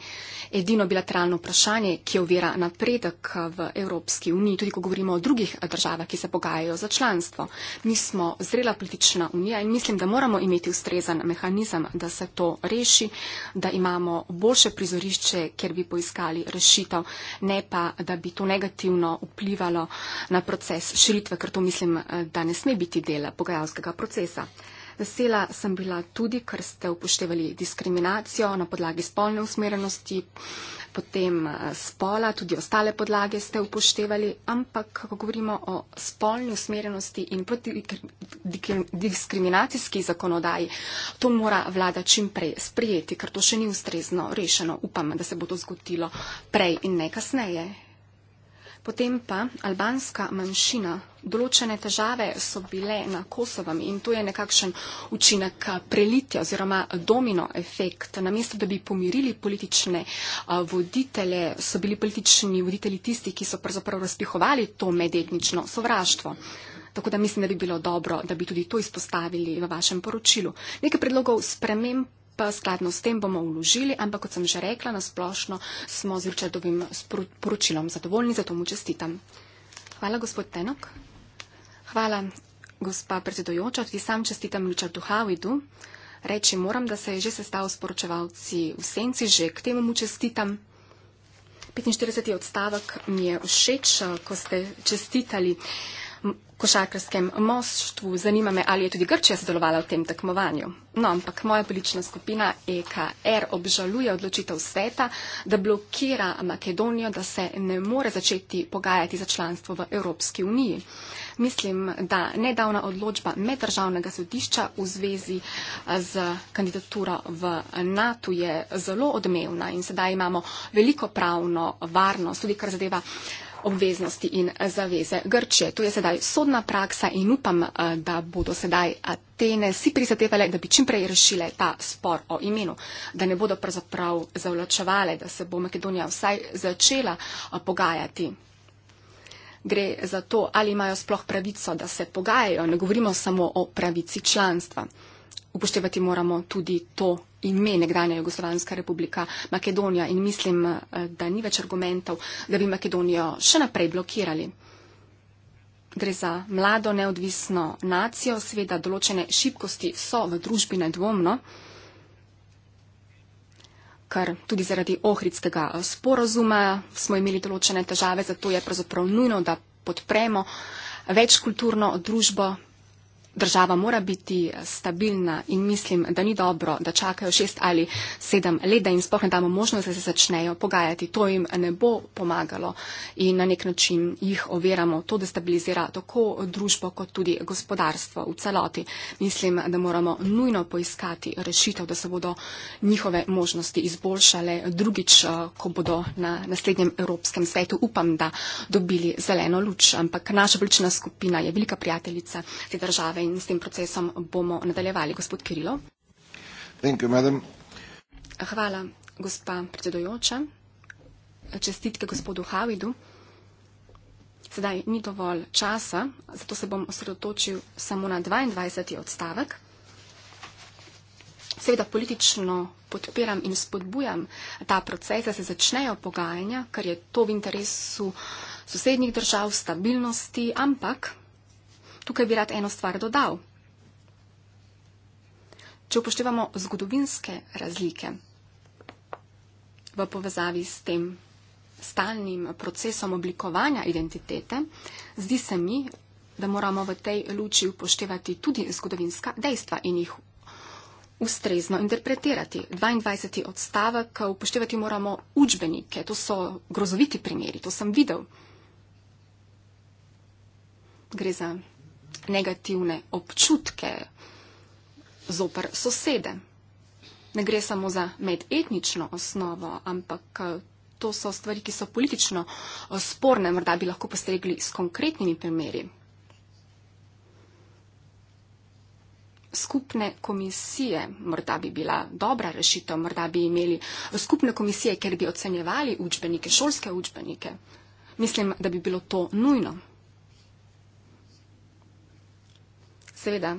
C: edino bilateralno vprašanje, ki ovira napredek v Evropski uniji, tudi ko govorimo o drugih državah, ki se pogajajo za članstvo. Mi smo zrela politična unija in mislim, da moramo imeti ustrezan mehanizem, da se to reši, da imamo boljše prizorišče, kjer bi poiskali rešitev, ne pa, da bi to negativno vplivalo na proces širitve, ker to mislim, da ne sme biti del pogajalskega procesa. Vesela sem bila tudi, ker ste upoštevali diskriminacijo na podlagi spolne usmerjenosti, potem eh, spola, tudi ostale podlage ste upoštevali, ampak ko govorimo o spolni usmerjenosti in proti diskriminacijski zakonodaji, to mora vlada čim prej sprijeti, ker to še ni ustrezno rešeno. Upam, da se bo to zgodilo prej in ne kasneje. Potem pa albanska manjšina. Določene težave so bile na Kosovem in to je nekakšen učinek prelitja oziroma domino efekt. Namesto, da bi pomirili politične voditelje, so bili politični voditelji tisti, ki so pravzaprav razpihovali to medetnično sovraštvo. Tako da mislim, da bi bilo dobro, da bi tudi to izpostavili v vašem poročilu. Nekaj predlogov sprememb pa skladno s tem bomo uložili, ampak kot sem že rekla, nasplošno smo z Richardovim poročilom zadovoljni, zato mu čestitam. Hvala, gospod Tenok. Hvala, gospa predsedojoča, tudi sam čestitam Richardu Hawidu. Reči moram, da se je že sestal s poročevalci v senci, že k temu mu čestitam. 45. odstavek mi je všeč, ko ste čestitali. Uh, košarkarskem moštvu. Zanima me, ali je tudi Grčija sodelovala v tem tekmovanju. No, ampak moja politična skupina EKR obžaluje odločitev sveta, da blokira Makedonijo, da se ne more začeti pogajati za članstvo v Evropski uniji. Mislim, da nedavna odločba meddržavnega sodišča v zvezi z kandidaturo v NATO je zelo odmevna in sedaj imamo veliko pravno varnost, tudi kar zadeva obveznosti in zaveze Grče. Tu je sedaj sodna praksa in upam, eh, da bodo sedaj Atene si prizadevale, da bi čimprej rešile ta spor o imenu, da ne bodo pravzaprav zavlačevale, da se bo Makedonija vsaj začela eh, pogajati. Gre za to, ali imajo sploh pravico, da se pogajajo, ne govorimo samo o pravici članstva upoštevati moramo tudi to ime nekdanja Jugoslovanska republika Makedonija in mislim, eh, da ni več argumentov, da bi Makedonijo še naprej blokirali. Gre za mlado, neodvisno nacijo, seveda določene šibkosti so v družbi nedvomno, ker tudi zaradi ohridskega eh, sporozuma smo imeli določene težave, zato je pravzaprav nujno, da podpremo večkulturno družbo država mora biti stabilna in mislim, da ni dobro, da čakajo šest ali sedem let, da jim sploh ne damo možnost, da se začnejo pogajati. To jim ne bo pomagalo in na nek način jih oviramo. To destabilizira tako družbo kot tudi gospodarstvo v celoti. Mislim, da moramo nujno poiskati rešitev, da se bodo njihove možnosti izboljšale drugič, eh, ko bodo na naslednjem Evropskem svetu. Upam, da dobili zeleno luč, ampak naša politična skupina je velika prijateljica te države in s tem procesom bomo nadaljevali. Gospod Kirilo. You, Hvala, gospa predsedojoča. Čestitke gospodu Havidu. Sedaj ni dovolj časa, zato se bom osredotočil samo na 22. odstavek. Seveda politično podpiram in spodbujam ta proces, da se začnejo pogajanja, ker je to v interesu sosednjih držav, stabilnosti, ampak Tukaj bi rad eno stvar dodal. Če upoštevamo zgodovinske razlike v povezavi s tem stalnim procesom oblikovanja identitete, zdi se mi, da moramo v tej luči upoštevati tudi zgodovinska dejstva in jih ustrezno interpretirati. 22. odstavek upoštevati moramo učbenike, to so grozoviti primeri, to sem videl. Gre za negativne občutke zoper sosede. Ne gre samo za medetnično osnovo, ampak eh, to so stvari, ki so politično eh, sporne, morda bi lahko postregli s konkretnimi primeri. Skupne komisije morda bi bila dobra rešitev, morda bi imeli eh, skupne komisije, ker bi ocenjevali učbenike, šolske učbenike. Mislim, da bi bilo to nujno. Seveda,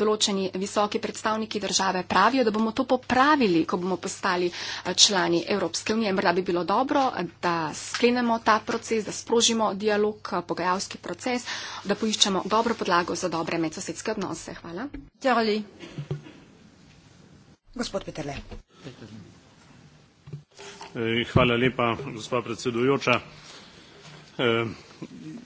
C: določeni visoki predstavniki države pravijo, da bomo to popravili, ko bomo postali eh, člani Evropske unije. Morda bi bilo dobro, eh, da sklenemo ta proces, da sprožimo dialog, eh, pogajalski proces, da poiščemo dobro podlago za dobre medsosedske odnose. Hvala. Tjali. Gospod Peterle.
E: Hvala lepa, gospod predsedujoča. E,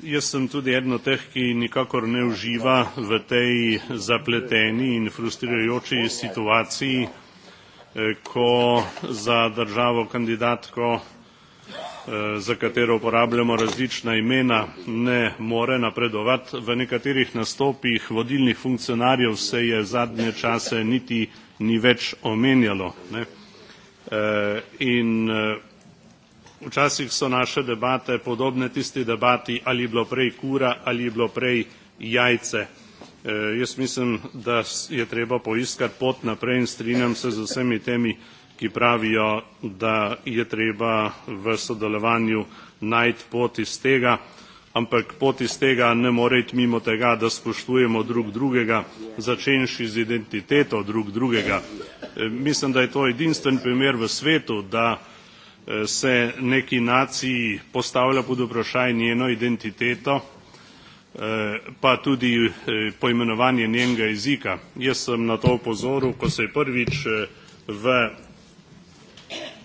E: jaz sem tudi eden od teh, ki nikakor ne uživa v tej zapleteni in frustrirajoči situaciji, e, ko za državo kandidatko, e, za katero uporabljamo različna imena, ne more napredovati. V nekaterih nastopih vodilnih funkcionarjev se je zadnje čase niti ni več omenjalo. Ne? In včasih so naše debate podobne tisti debati, ali je bilo prej kura, ali je bilo prej jajce. E, jaz mislim, da je treba poiskati pot naprej in strinjam se z vsemi temi, ki pravijo, da je treba v sodelovanju najti pot iz tega, ampak pot iz tega ne more iti mimo tega, da spoštujemo drug drugega, začenši z identiteto drug drugega. E, mislim, da je to edinstven primer v svetu, da se neki naciji postavlja pod vprašaj njeno identiteto, eh, pa tudi eh, poimenovanje njenega jezika. Jaz sem na to upozoril, ko se je prvič eh, v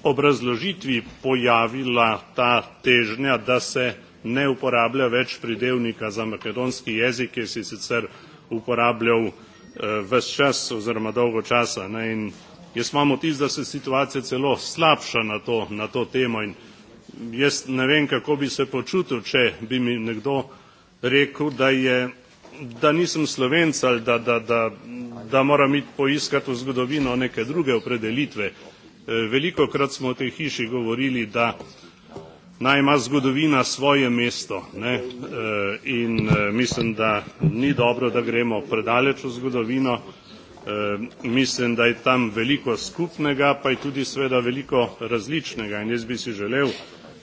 E: obrazložitvi pojavila ta težnja, da se ne uporablja več pridevnika za makedonski jezik, ki si sicer uporabljal ves čas oziroma dolgo časa. Ne, in Jaz imam vtis, da se situacija celo slabša na to, na to temo in jaz ne vem, kako bi se počutil, če bi mi nekdo rekel, da, je, da nisem slovenc ali da, da, da, da moram iti poiskati v zgodovino neke druge opredelitve. E, Veliko krat smo v tej hiši govorili, da naj ima zgodovina svoje mesto ne? E, in e, mislim, da ni dobro, da gremo predaleč v zgodovino. Eh, mislim, da je tam veliko skupnega, pa je tudi sveda veliko različnega in jaz bi si želel,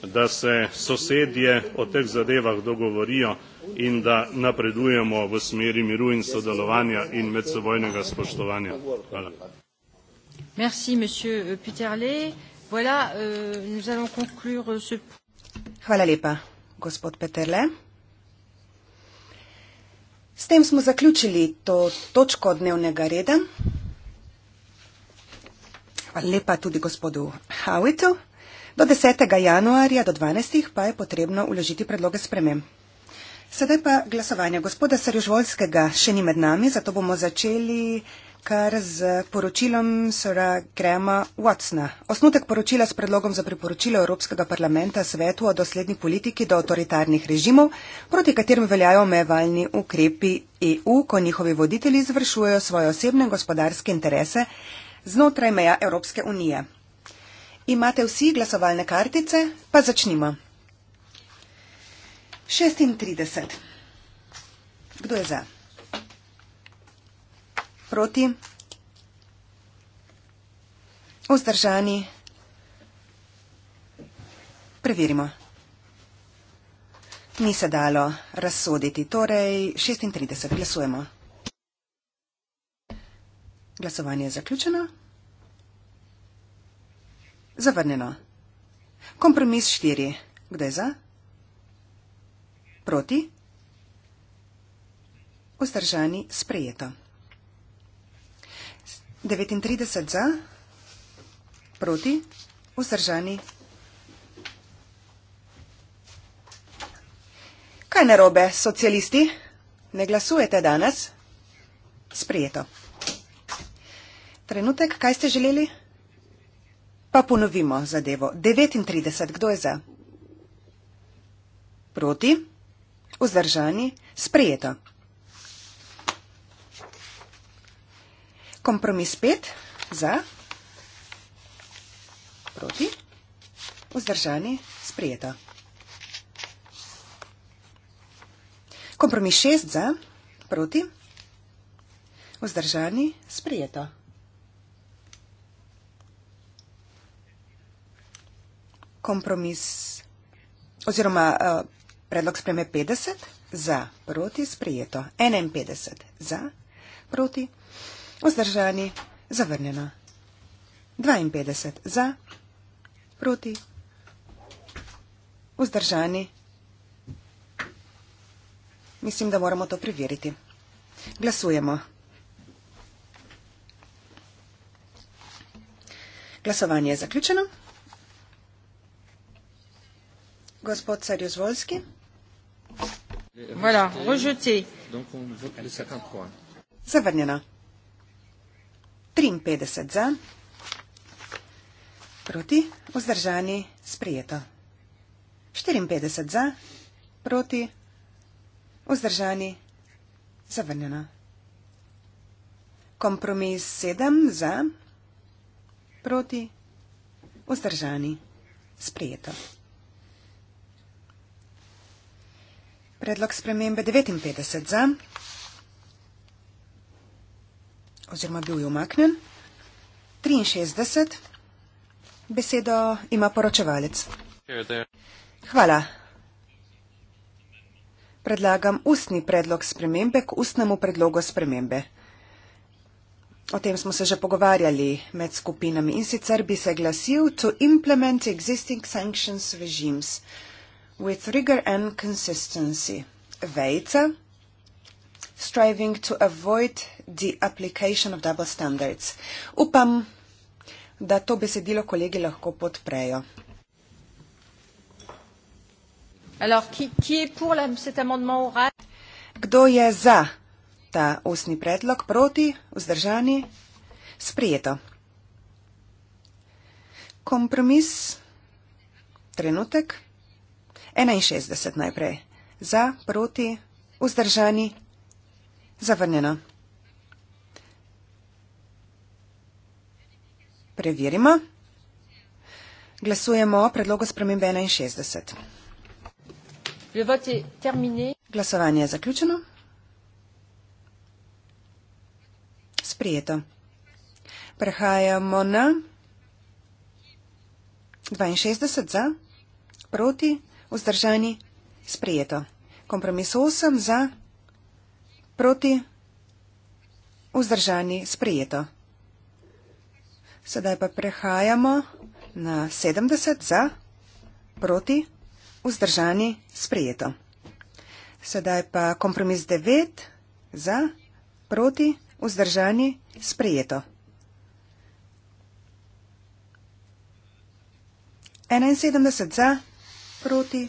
E: da se sosedje o teh zadevah dogovorijo in da napredujemo v smeri miru in sodelovanja in medsebojnega spoštovanja. Hvala.
B: Merci, euh, Voilà, euh, nous allons conclure ce...
A: Hvala lepa, gospod Peterle. S tem smo zaključili to točko dnevnega reda. Hvala lepa tudi gospodu Howitu. Do 10. januarja, do 12. pa je potrebno uložiti predloge sprememb. Sedaj pa glasovanje. Gospoda Sarjožvolskega še ni med nami, zato bomo začeli kar z poročilom Sora Grema Watsona. Osnutek poročila s predlogom za priporočilo Evropskega parlamenta svetu o dosledni politiki do avtoritarnih režimov, proti katerim veljajo omejevalni ukrepi EU, ko njihovi voditelji izvršujejo svoje osebne gospodarske interese znotraj meja Evropske unije. Imate vsi glasovalne kartice, pa začnimo. 36. Kdo je za? proti, vzdržani. Preverimo. Ni se dalo razsoditi, torej 36 glasujemo. Glasovanje je zaključeno. Zavrnjeno. Kompromis 4. Kdo je za? Proti? Vzdržani sprejeto. 39 za, proti, vzdržani. Kaj narobe, socialisti? Ne glasujete danes? Sprijeto. Trenutek, kaj ste želeli? Pa ponovimo zadevo. 39, kdo je za? Proti, vzdržani, sprijeto. kompromis 5 za, proti, vzdržani, sprijeto. Kompromis 6 za, proti, vzdržani, sprijeto. Kompromis oziroma eh, predlog spreme 50 za, proti, sprijeto. 51 za, proti, sprijeto. Vzdržani, zavrnjeno. 52 za, proti. Vzdržani. Mislim, da moramo to preveriti. Glasujemo. Glasovanje je zaključeno. Gospod Sarjozvolski. Voilà, rejeté. Donc on vote le 53. Zavrnjeno. 53 za, proti, vzdržani, sprejeto. 54 za, proti, vzdržani, zavrnjeno. Kompromis 7 za, proti, vzdržani, sprejeto. Predlog spremembe 59 za, proti, vzdržani, sprejeto oziroma bil je umaknen. 63. Besedo ima poročevalec. Hvala. Predlagam ustni predlog spremembe k ustnemu predlogu spremembe. O tem smo se že pogovarjali med skupinami in sicer bi se glasil to implement existing sanctions regimes with rigor and consistency. Vejca, striving to avoid the application of double standards. Upam, da to besedilo kolegi lahko podprejo.
B: Alors, qui, qui est pour la, cet amendement oral?
A: Kdo je za ta ustni predlog, proti, vzdržani, sprijeto. Kompromis, trenutek, 61 najprej. Za, proti, vzdržani, zavrnjeno. Preverimo. Glasujemo o predlogu spremembe 61. Glasovanje je zaključeno. Sprijeto. Prehajamo na 62 za, proti, vzdržani, sprijeto. Kompromis 8 za, proti, vzdržani, sprijeto. Sedaj pa prehajamo na 70 za, proti, vzdržani, sprejeto. Sedaj pa kompromis 9 za, proti, vzdržani, sprejeto. 71 za, proti,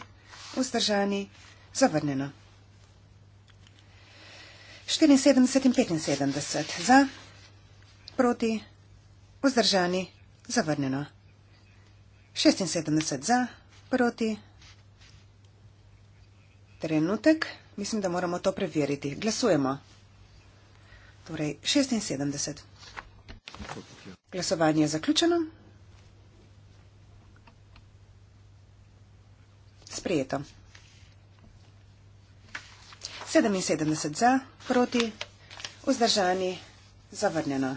A: vzdržani, zavrnjeno. 74 in 75 za, proti, vzdržani. Vzdržani, zavrnjeno. 76 za, proti. Trenutek, mislim, da moramo to preveriti. Glasujemo. Torej, 76. Glasovanje je zaključeno. Sprijeto. 77 za, proti, vzdržani, zavrnjeno.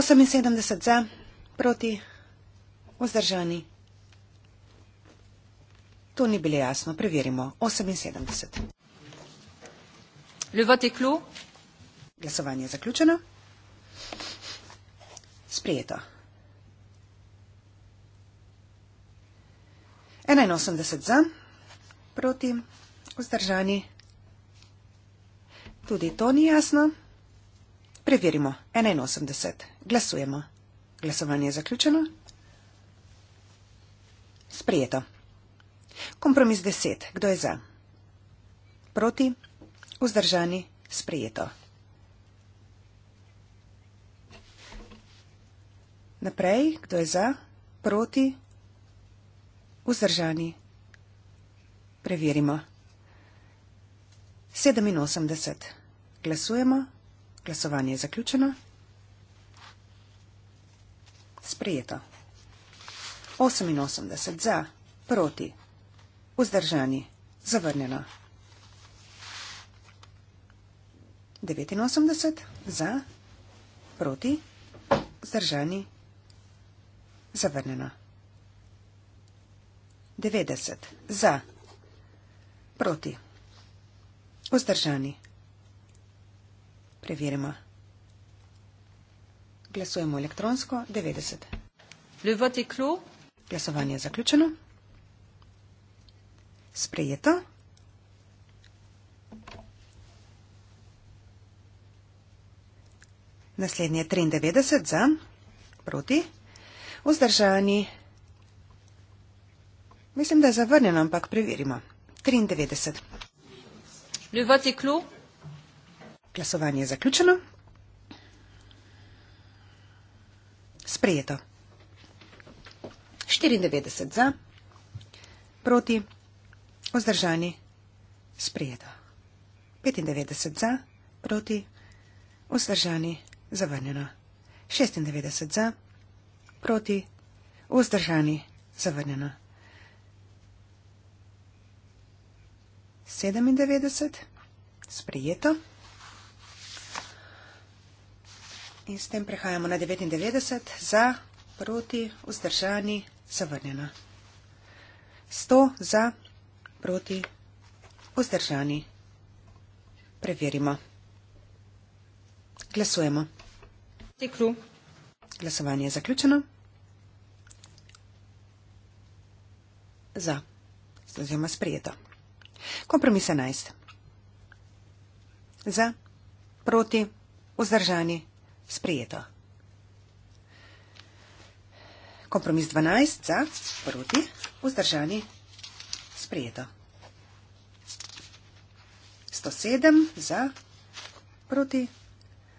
A: 78 za proti vzdržani. To ni bilo jasno. Preverimo. 78. Ljubote klu. Glasovanje je zaključeno. Sprijeto. 81 za proti vzdržani. Tudi to ni jasno. Preverimo. 81. Glasujemo. Glasovanje je zaključeno. Sprijeto. Kompromis 10. Kdo je za? Proti. Vzdržani. Sprijeto. Naprej. Kdo je za? Proti. Vzdržani. Preverimo. 87. Glasujemo. Glasovanje je zaključeno. Sprejeto. 88 za, proti, vzdržani, zavrnjeno. 89 za, proti, vzdržani, zavrnjeno. 90 za, proti, vzdržani, zavrnjeno. Preverimo. Glasujemo elektronsko 90. Le vote est clos. Glasovanje je zaključeno. Sprejeto. Naslednje je 93 za, proti, vzdržani. Mislim, da je zavrnjeno, ampak preverimo. 93.
B: Le vote est clos.
A: Glasovanje je zaključeno. Sprejeto. 94 za, proti, vzdržani, sprejeto. 95 za, proti, vzdržani, zavrnjeno. 96 za, proti, vzdržani, zavrnjeno. 97, sprejeto. In s tem prehajamo na 99 za, proti, vzdržani, zavrnjena. 100 za, proti, vzdržani. Preverimo. Glasujemo. Teklu. Glasovanje je zaključeno. Za. Oziroma sprijeto. Kompromis 11. Za. Proti. Vzdržani sprejeto. Kompromis 12 za, proti, vzdržani, sprejeto. 107 za, proti,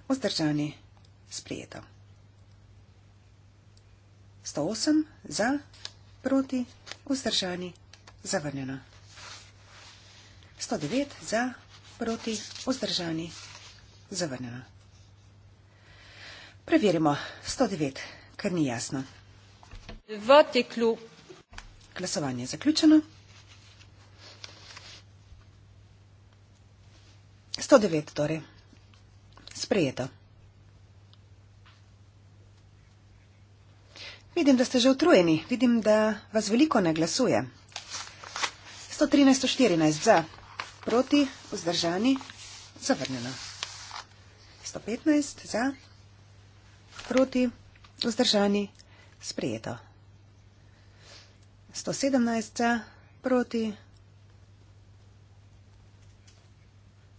A: vzdržani, sprejeto. 108 za, proti, vzdržani, zavrnjeno. 109 za, proti, vzdržani, zavrnjeno. 110 za, proti, vzdržani, zavrnjeno. Preverimo. 109. Kar ni jasno. V teklu. Glasovanje zaključeno. 109 torej. Sprejeto. Vidim, da ste že utrujeni. Vidim, da vas veliko ne glasuje. 113-114 za, proti, vzdržani, zavrnjeno. 115 za, proti, vzdržani, sprejeto. 117 za, proti,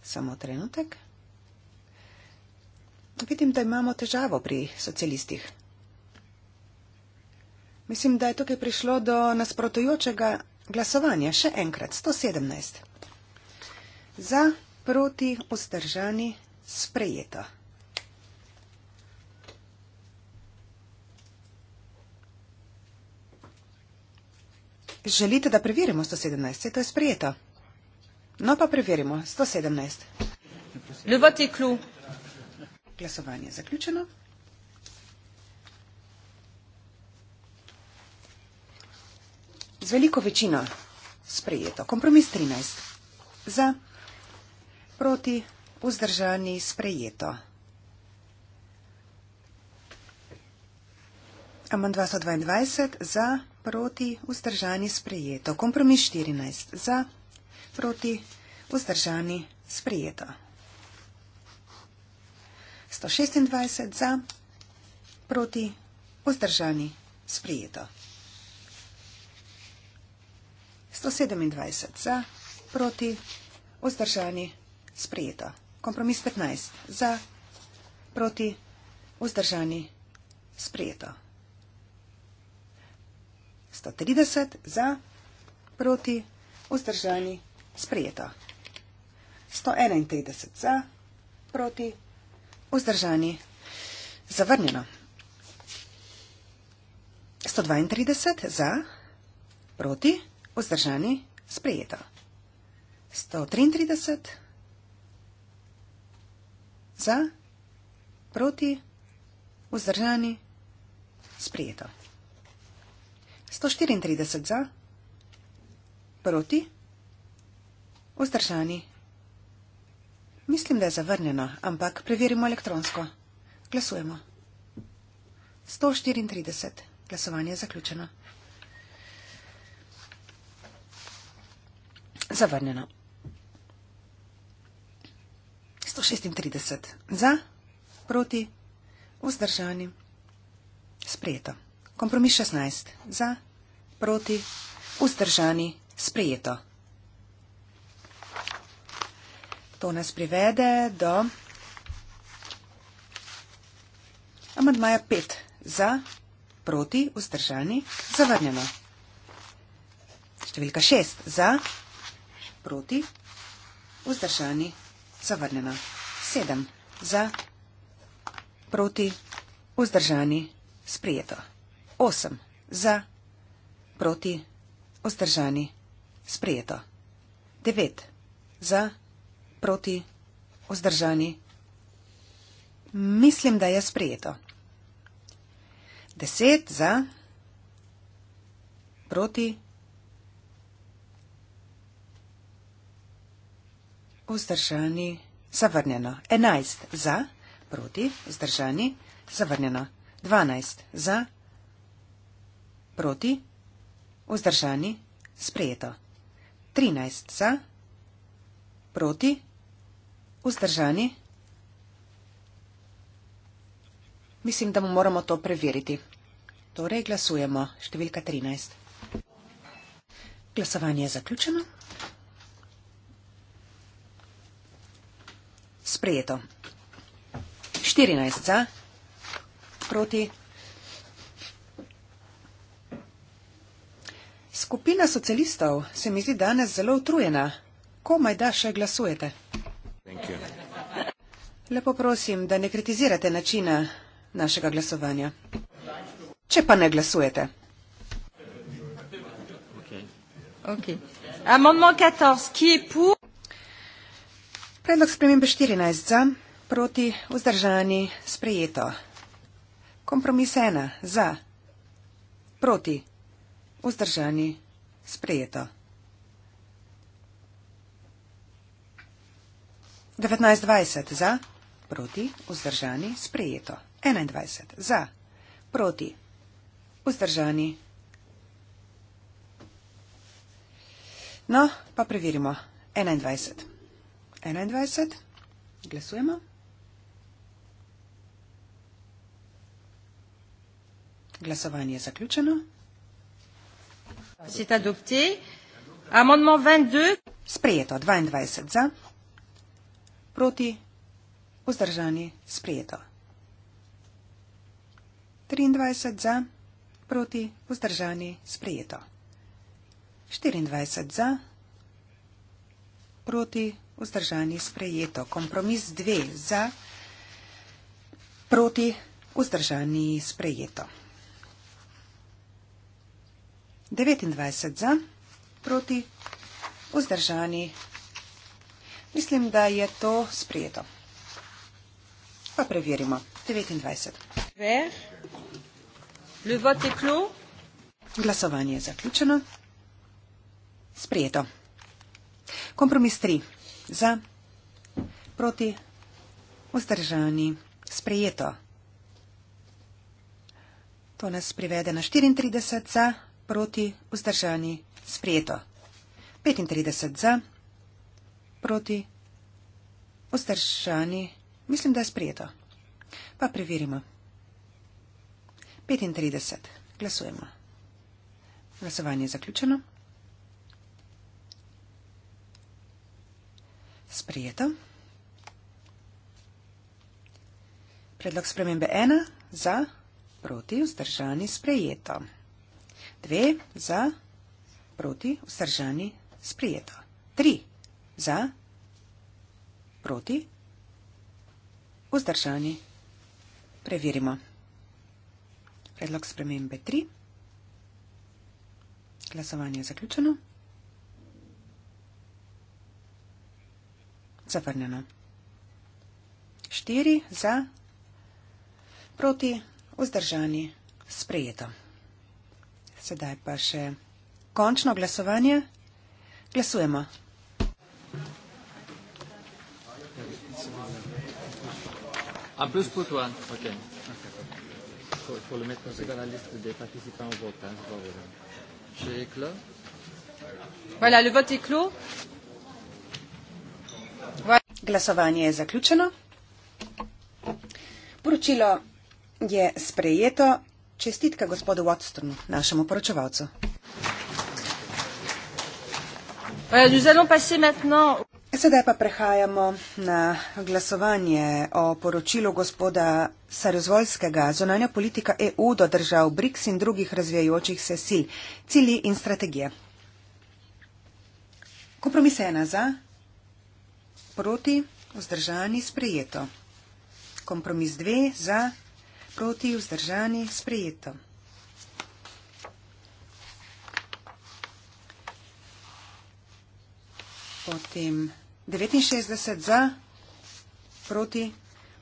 A: samo trenutek. Vidim, da imamo težavo pri socialistih. Mislim, da je tukaj prišlo do nasprotujočega glasovanja. Še enkrat, 117. Za, proti, vzdržani, sprejeto. Želite, da preverimo 117? Se to je sprijeto. No pa preverimo 117. Le vote est clou. Glasovanje je zaključeno. Z veliko večino sprejeto. Kompromis 13. Za, proti, vzdržani, sprejeto. Amandva 122 za, proti, vzdržani sprejeto. Kompromis 14 za, proti, vzdržani sprejeto. 126 za, proti, vzdržani sprejeto. 127 za, proti, vzdržani sprejeto. Kompromis 15 za, proti, vzdržani sprejeto. 130 za, proti, vzdržani, sprejeto. 131 za, proti, vzdržani, zavrnjeno. 132 za, proti, vzdržani, sprejeto. 133 za, proti, vzdržani, sprejeto. 134 za, proti, vzdržani. Mislim, da je zavrnjeno, ampak preverimo elektronsko. Glasujemo. 134. Glasovanje je zaključeno. Zavrnjeno. 136. Za, proti, vzdržani. Sprejeto. Kompromis 16. Za, proti, vzdržani, sprejeto. To nas privede do amadmaja 5. Za, proti, vzdržani, zavrnjeno. Številka 6. Za, proti, vzdržani, zavrnjeno. 7. Za, proti, vzdržani, sprejeto. 8 za, proti, ostržani, sprejeto. 9 za, proti, ostržani. Mislim, da je sprejeto. 10 za, proti, ostržani, zavrnjeno. 11 za, proti, ostržani, zavrnjeno. 12 za, proti, ostržani. Proti? Vzdržani? Sprejeto. 13 za? Proti? Vzdržani? Mislim, da mu moramo to preveriti. Torej glasujemo številka 13. Glasovanje je zaključeno. Sprejeto. 14 za, proti Skupina socialistov se mi zdi danes zelo utrujena. Komaj da še glasujete. Lepo prosim, da ne kritizirate načina našega glasovanja. Če pa ne glasujete. Okay. Okay. Predlog spremembe 14 za, proti, vzdržani, sprejeto. Kompromis ena za, proti. Vzdržani. Sprejeto. 1920 za, proti, vzdržani, sprejeto. 21 za, proti, vzdržani. No, pa preverimo. 21. 21. Glasujemo. Glasovanje je zaključeno. C'est adopté. Amendement 22. Sprejeto, 22 za, proti, vzdržani, sprejeto. 23 za, proti, vzdržani, sprejeto. 24 za, proti, vzdržani, sprejeto. Kompromis 2 za, proti, vzdržani, sprejeto. 29 za, proti, vzdržani. Mislim, da je to sprejeto. Pa preverimo. 29. Glasovanje je zaključeno. Sprejeto. Kompromis 3. Za, proti, vzdržani. Sprejeto. To nas privede na 34 za proti, vzdržani, sprijeto. 35 za, proti, vzdržani, mislim, da je sprijeto. Pa preverimo. 35. Glasujemo. Glasovanje je zaključeno. Sprijeto. Predlog spremembe 1 za, proti, vzdržani, sprejeto dve za proti vzdržani sprijeto. Tri za proti vzdržani. Preverimo. Predlog spremembe tri. Glasovanje je zaključeno. Zavrnjeno. Štiri za proti vzdržani sprijeto. Sedaj pa še končno glasovanje. Glasujemo. Glasovanje je zaključeno. Poročilo je sprejeto. Čestitka gospodu Watsonu, našemu poročevalcu. Sedaj pa prehajamo na glasovanje o poročilu gospoda Sarozvolskega zonanja politika EU do držav BRICS in drugih razvijajočih se sil, cilji in strategije. Kompromis ena za, proti, vzdržani, sprejeto. Kompromis dve za, proti vzdržani sprejeto. Potem 69 za, proti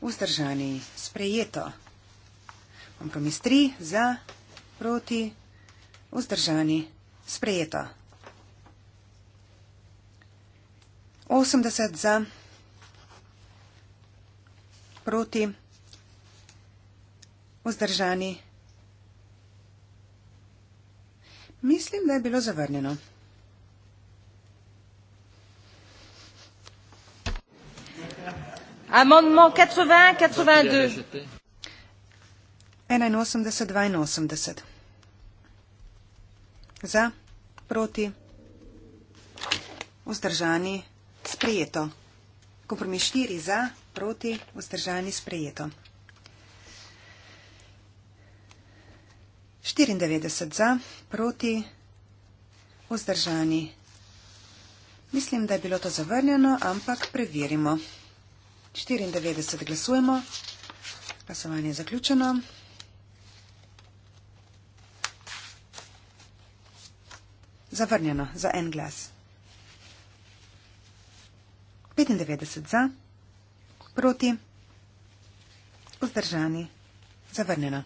A: vzdržani sprejeto. Kompromis 3 za, proti vzdržani sprejeto. 80 za, proti vzdržani sprejeto vzdržani. Mislim, da je bilo zavrnjeno. Amendement 80-82. Za, proti, vzdržani, sprejeto. Kompromis 4 za, proti, vzdržani, sprejeto. 94 za, proti, vzdržani. Mislim, da je bilo to zavrnjeno, ampak preverimo. 94 glasujemo. Glasovanje je zaključeno. Zavrnjeno za en glas. 95 za, proti, vzdržani, zavrnjeno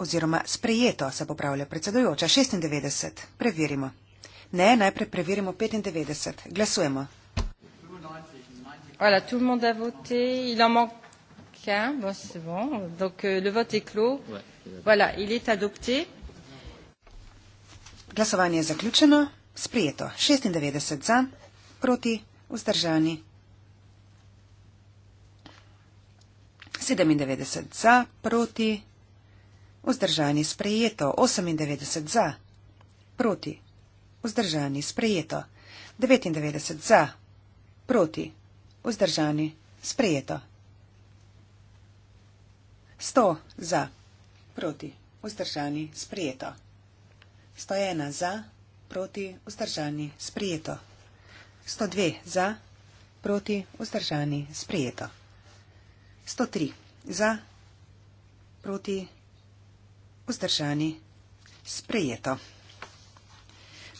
A: oziroma sprejeto, se popravlja predsedujoča, 96. Preverimo. Ne, najprej preverimo 95. Glasujemo. Voilà, tout le monde a voté. Il en
B: manque un. Bon, c'est bon. Donc, euh, le vote est clos. Voilà, il est adopté.
A: Glasovanje je zaključeno, sprijeto 96 za, proti vzdržani 97 za, proti Vzdržani sprejeto 98 za. Proti. Vzdržani sprejeto 99 za. Proti. Vzdržani sprejeto. 100 za. Proti. Vzdržani sprejeto. 101 za. Proti. Vzdržani sprejeto. 102 za. Proti. Vzdržani sprejeto. 103 za. Proti vzdržani. Sprejeto.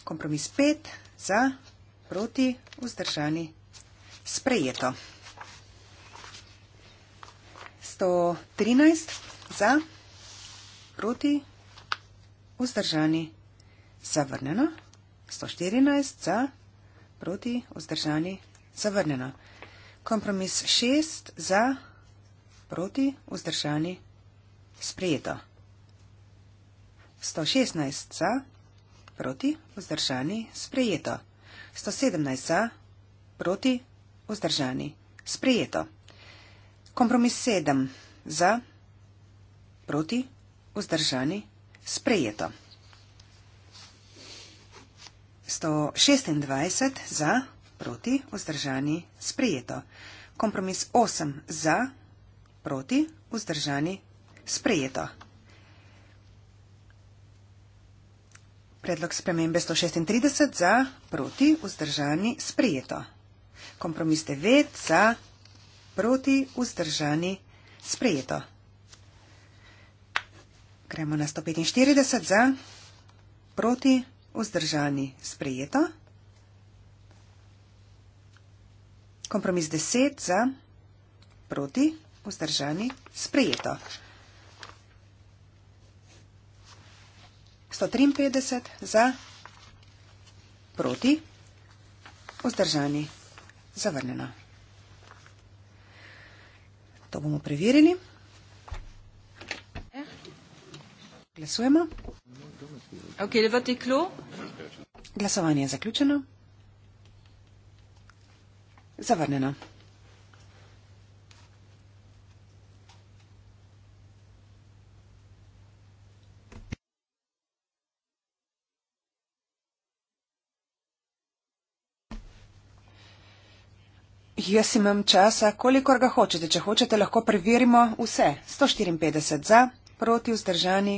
A: Kompromis 5 za, proti, vzdržani. Sprejeto. 113 za, proti, vzdržani. Zavrnjeno. 114 za, proti, vzdržani. Zavrnjeno. Kompromis 6 za, proti, vzdržani. Sprejeto. 116 za, proti, vzdržani, sprejeto. 117 za, proti, vzdržani, sprejeto. Kompromis 7 za, proti, vzdržani, sprejeto. 126 za, proti, vzdržani, sprejeto. Kompromis 8 za, proti, vzdržani, sprejeto. Predlog spremembe 136 za, proti, vzdržani, sprijeto. Kompromis 9 za, proti, vzdržani, sprijeto. Gremo na 145 za, proti, vzdržani, sprijeto. Kompromis 10 za, proti, vzdržani, sprijeto. 153 za, proti, vzdržani, zavrnjeno. To bomo preverili. Glasujemo.
B: Ok, le vati klo.
A: Glasovanje je zaključeno. Zavrnjeno. Jaz imam časa, kolikor ga hočete. Če hočete, lahko preverimo vse. 154 za, proti vzdržani,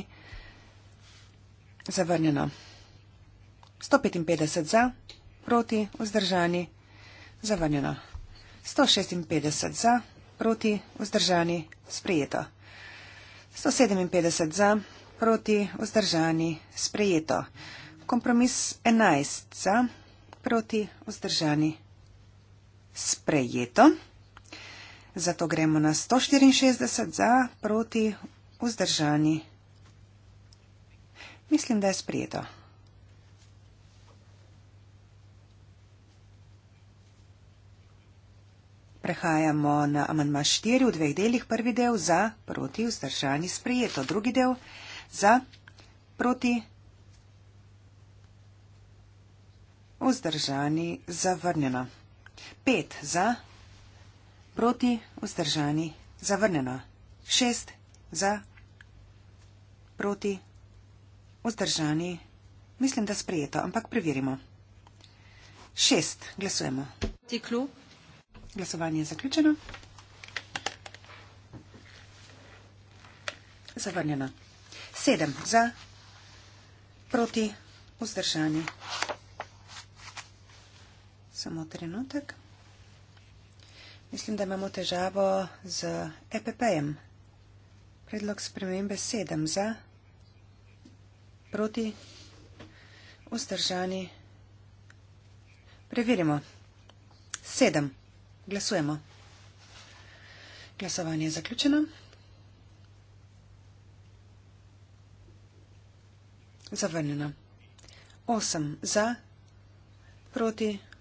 A: zavrnjeno. 155 za, proti vzdržani, zavrnjeno. 156 za, proti vzdržani, sprejeto. 157 za, proti vzdržani, sprejeto. Kompromis 11 za, proti vzdržani, sprejeto sprejeto. Zato gremo na 164 za, proti, vzdržani. Mislim, da je sprejeto. Prehajamo na amandma 4 v dveh delih. Prvi del za, proti, vzdržani, sprejeto. Drugi del za, proti, vzdržani, zavrnjeno. 5 za, proti, vzdržani, zavrnjeno. 6 za, proti, vzdržani, mislim, da sprejeto, ampak preverimo. 6 glasujemo. Ciklu. Glasovanje je zaključeno. Zavrnjeno. 7 za, proti, vzdržani samo trenutek. Mislim, da imamo težavo z EPP-jem. Predlog spremembe 7 za, proti, vzdržani. Preverimo. 7. Glasujemo. Glasovanje je zaključeno. Zavrnjeno. 8 za, proti, vzdržani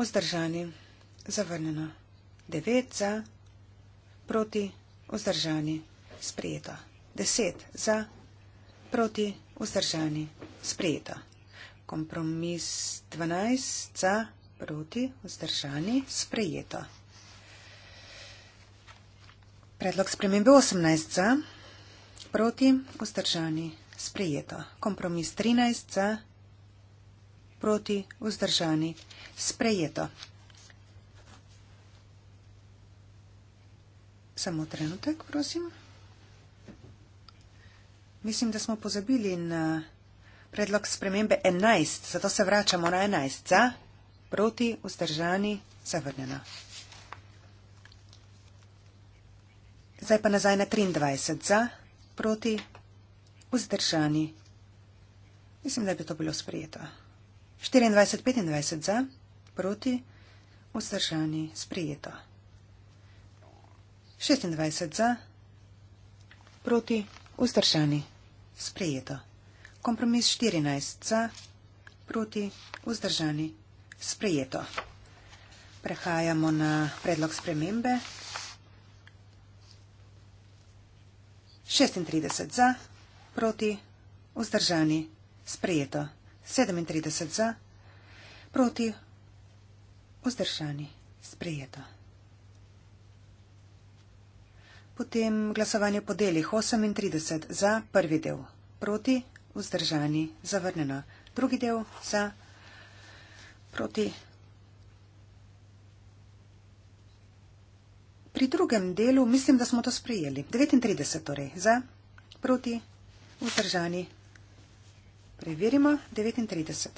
A: vzdržani, zavrnjeno. 9 za, proti, vzdržani, sprejeto. 10 za, proti, vzdržani, sprejeto. Kompromis 12 za, proti, vzdržani, sprejeto. Predlog spremembe 18 za, proti, vzdržani, sprejeto. Kompromis 13 za, proti, vzdržani, sprejeto proti vzdržani. Sprejeto. Samo trenutek, prosim. Mislim, da smo pozabili na predlog spremembe 11, zato se vračamo na 11. Za, proti, vzdržani, zavrnjeno. Zdaj pa nazaj na 23. Za, proti, vzdržani. Mislim, da bi to bilo sprejeto. 24-25 za, proti, vzdržani, sprijeto. 26 za, proti, vzdržani, sprijeto. Kompromis 14 za, proti, vzdržani, sprijeto. Prehajamo na predlog spremembe. 36 za, proti, vzdržani, sprijeto. 36 za, proti, vzdržani, sprijeto. 37 za, proti vzdržani sprejeto. Potem glasovanje po delih 38 za prvi del, proti vzdržani zavrnjeno, drugi del za, proti. Pri drugem delu mislim, da smo to sprejeli. 39 torej za, proti, vzdržani, Preverimo 39.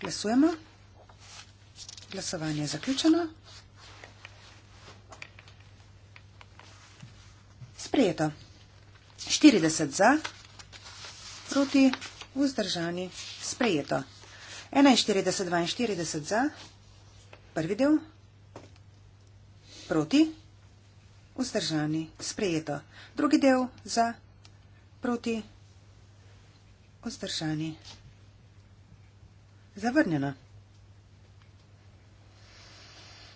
A: Glasujemo. Glasovanje je zaključeno. Sprejeto. 40 za, proti, vzdržani, sprejeto. 41, 42 za, prvi del, proti, vzdržani, sprejeto. Drugi del za, proti, vzdržani. Ostršani. Zavrnjeno.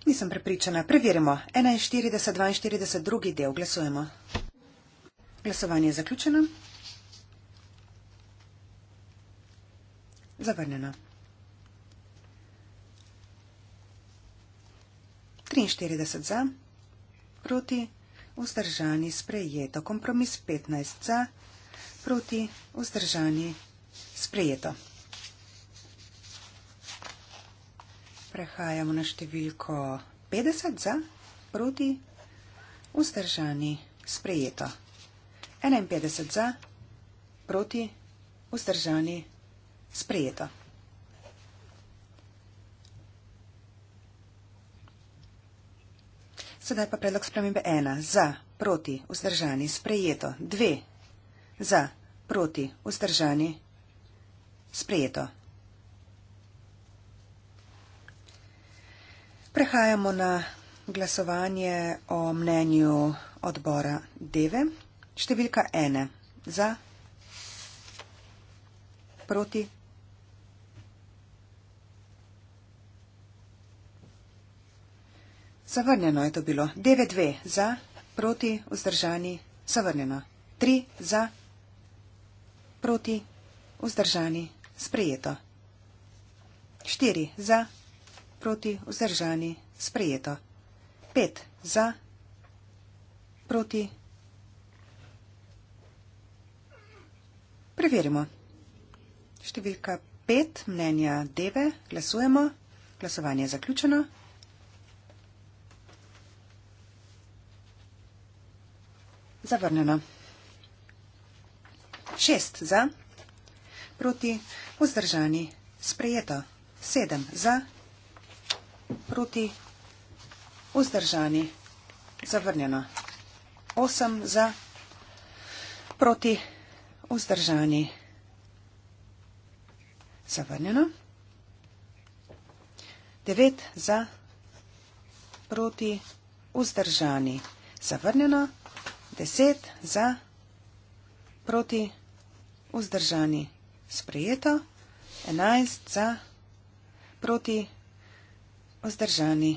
A: Nisem prepričana. Preverimo. 41, 42, drugi del. Glasujemo. Glasovanje je zaključeno. Zavrnjeno. 43 za, proti, vzdržani, sprejeto, kompromis 15 za, proti vzdržani. Sprejeto. Prehajamo na številko 50 za, proti, vzdržani, sprejeto. 51 za, proti, vzdržani, sprejeto. Sedaj pa predlog spremembe 1 za, proti, vzdržani, sprejeto. 2 za, Proti. Vzdržani. Sprejeto. Prehajamo na glasovanje o mnenju odbora Deve. Številka ena. Za. Proti. Zavrnjeno je to bilo. 9-2 za, proti, vzdržani, zavrnjeno. 3 za, proti, vzdržani, sprejeto. 4 za, proti, vzdržani, sprejeto. 5 za, proti. Preverimo. Številka 5, mnenja Deve, glasujemo. Glasovanje je zaključeno. Zavrnjeno. 6 za, proti vzdržani, sprejeto. 7 za, proti vzdržani, zavrnjeno. 8 za, proti vzdržani, zavrnjeno. 9 za, proti vzdržani, zavrnjeno. 10 za, proti vzdržani vzdržani. Sprejeto, 11 za, proti, vzdržani.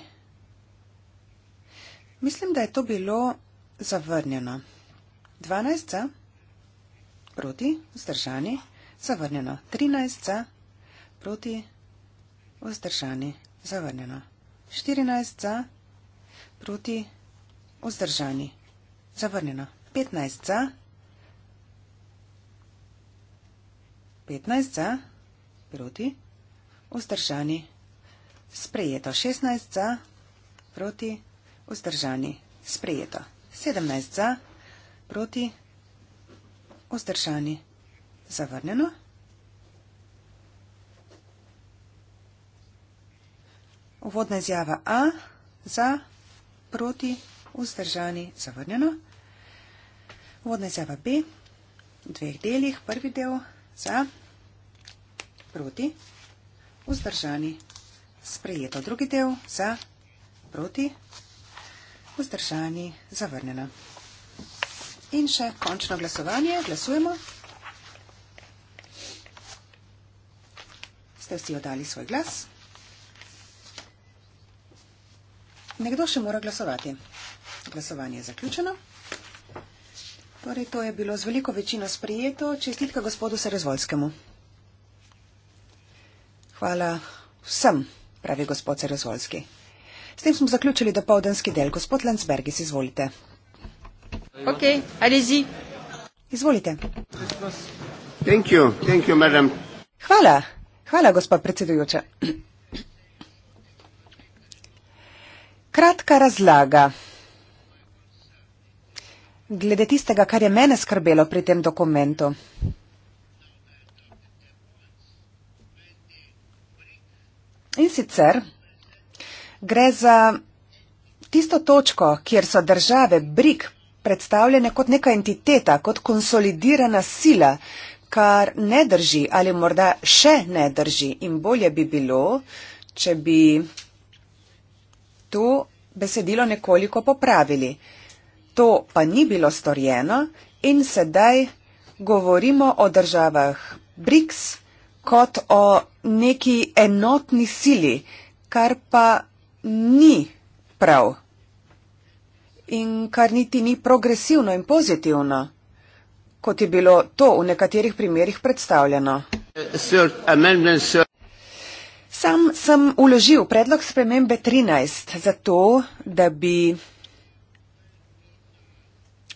A: Mislim, da je to bilo zavrnjeno. 12 za, proti, vzdržani, zavrnjeno. 13 za, proti, vzdržani, zavrnjeno. 14 za, proti, vzdržani, zavrnjeno. 15 za, 15 za, proti, vzdržani. Sprejeto 16 za, proti, vzdržani. Sprejeto 17 za, proti, vzdržani. Zavrnjeno. Uvodna izjava A za, proti, vzdržani, zavrnjeno. Uvodna izjava B v dveh delih, prvi del za, proti, vzdržani, sprejeto. Drugi del, za, proti, vzdržani, zavrnjeno. In še končno glasovanje, glasujemo. Ste vsi odali svoj glas? Nekdo še mora glasovati. Glasovanje je zaključeno. Torej, to je bilo z veliko večino sprejeto. Čestitka gospodu Serezvolskemu. Hvala vsem, pravi gospod Cerozolski. S tem smo zaključili dopoldanski del. Gospod Landsbergis, izvolite. Ok, alizi. Izvolite.
E: Thank you, thank you,
A: hvala, hvala, gospod predsedujoča. Kratka razlaga. Glede tistega, kar je mene skrbelo pri tem dokumentu. In sicer gre za tisto točko, kjer so države BRIK predstavljene kot neka entiteta, kot konsolidirana sila, kar ne drži ali morda še ne drži. In bolje bi bilo, če bi to besedilo nekoliko popravili. To pa ni bilo storjeno in sedaj govorimo o državah BRICS kot o neki enotni sili, kar pa ni prav in kar niti ni progresivno in pozitivno, kot je bilo to v nekaterih primerjih predstavljeno. Sam sem uložil predlog spremembe 13 zato, da bi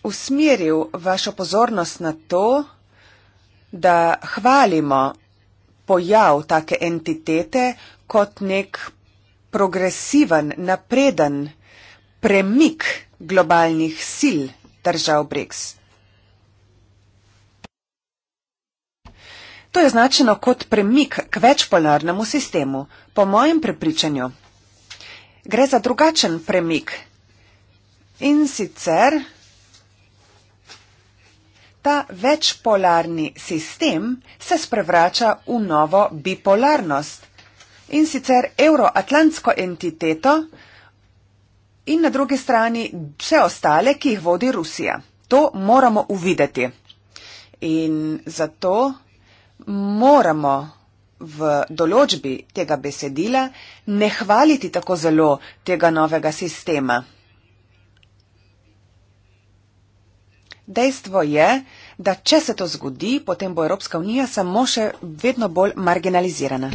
A: usmeril vašo pozornost na to, da hvalimo pojav take entitete kot nek progresiven, napreden premik globalnih sil držav BRICS. To je značeno kot premik k večpolarnemu sistemu, po mojem prepričanju. Gre za drugačen premik in sicer ta večpolarni sistem se sprevrača v novo bipolarnost in sicer euroatlantsko entiteto in na drugi strani vse ostale, ki jih vodi Rusija. To moramo uvideti. In zato moramo v določbi tega besedila ne hvaliti tako zelo tega novega sistema. Dejstvo je, da če se to zgodi, potem bo Evropska unija samo še vedno bolj marginalizirana.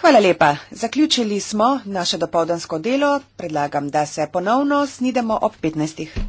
A: Hvala lepa. Zaključili smo naše dopovdansko delo. Predlagam, da se ponovno snidemo ob 15.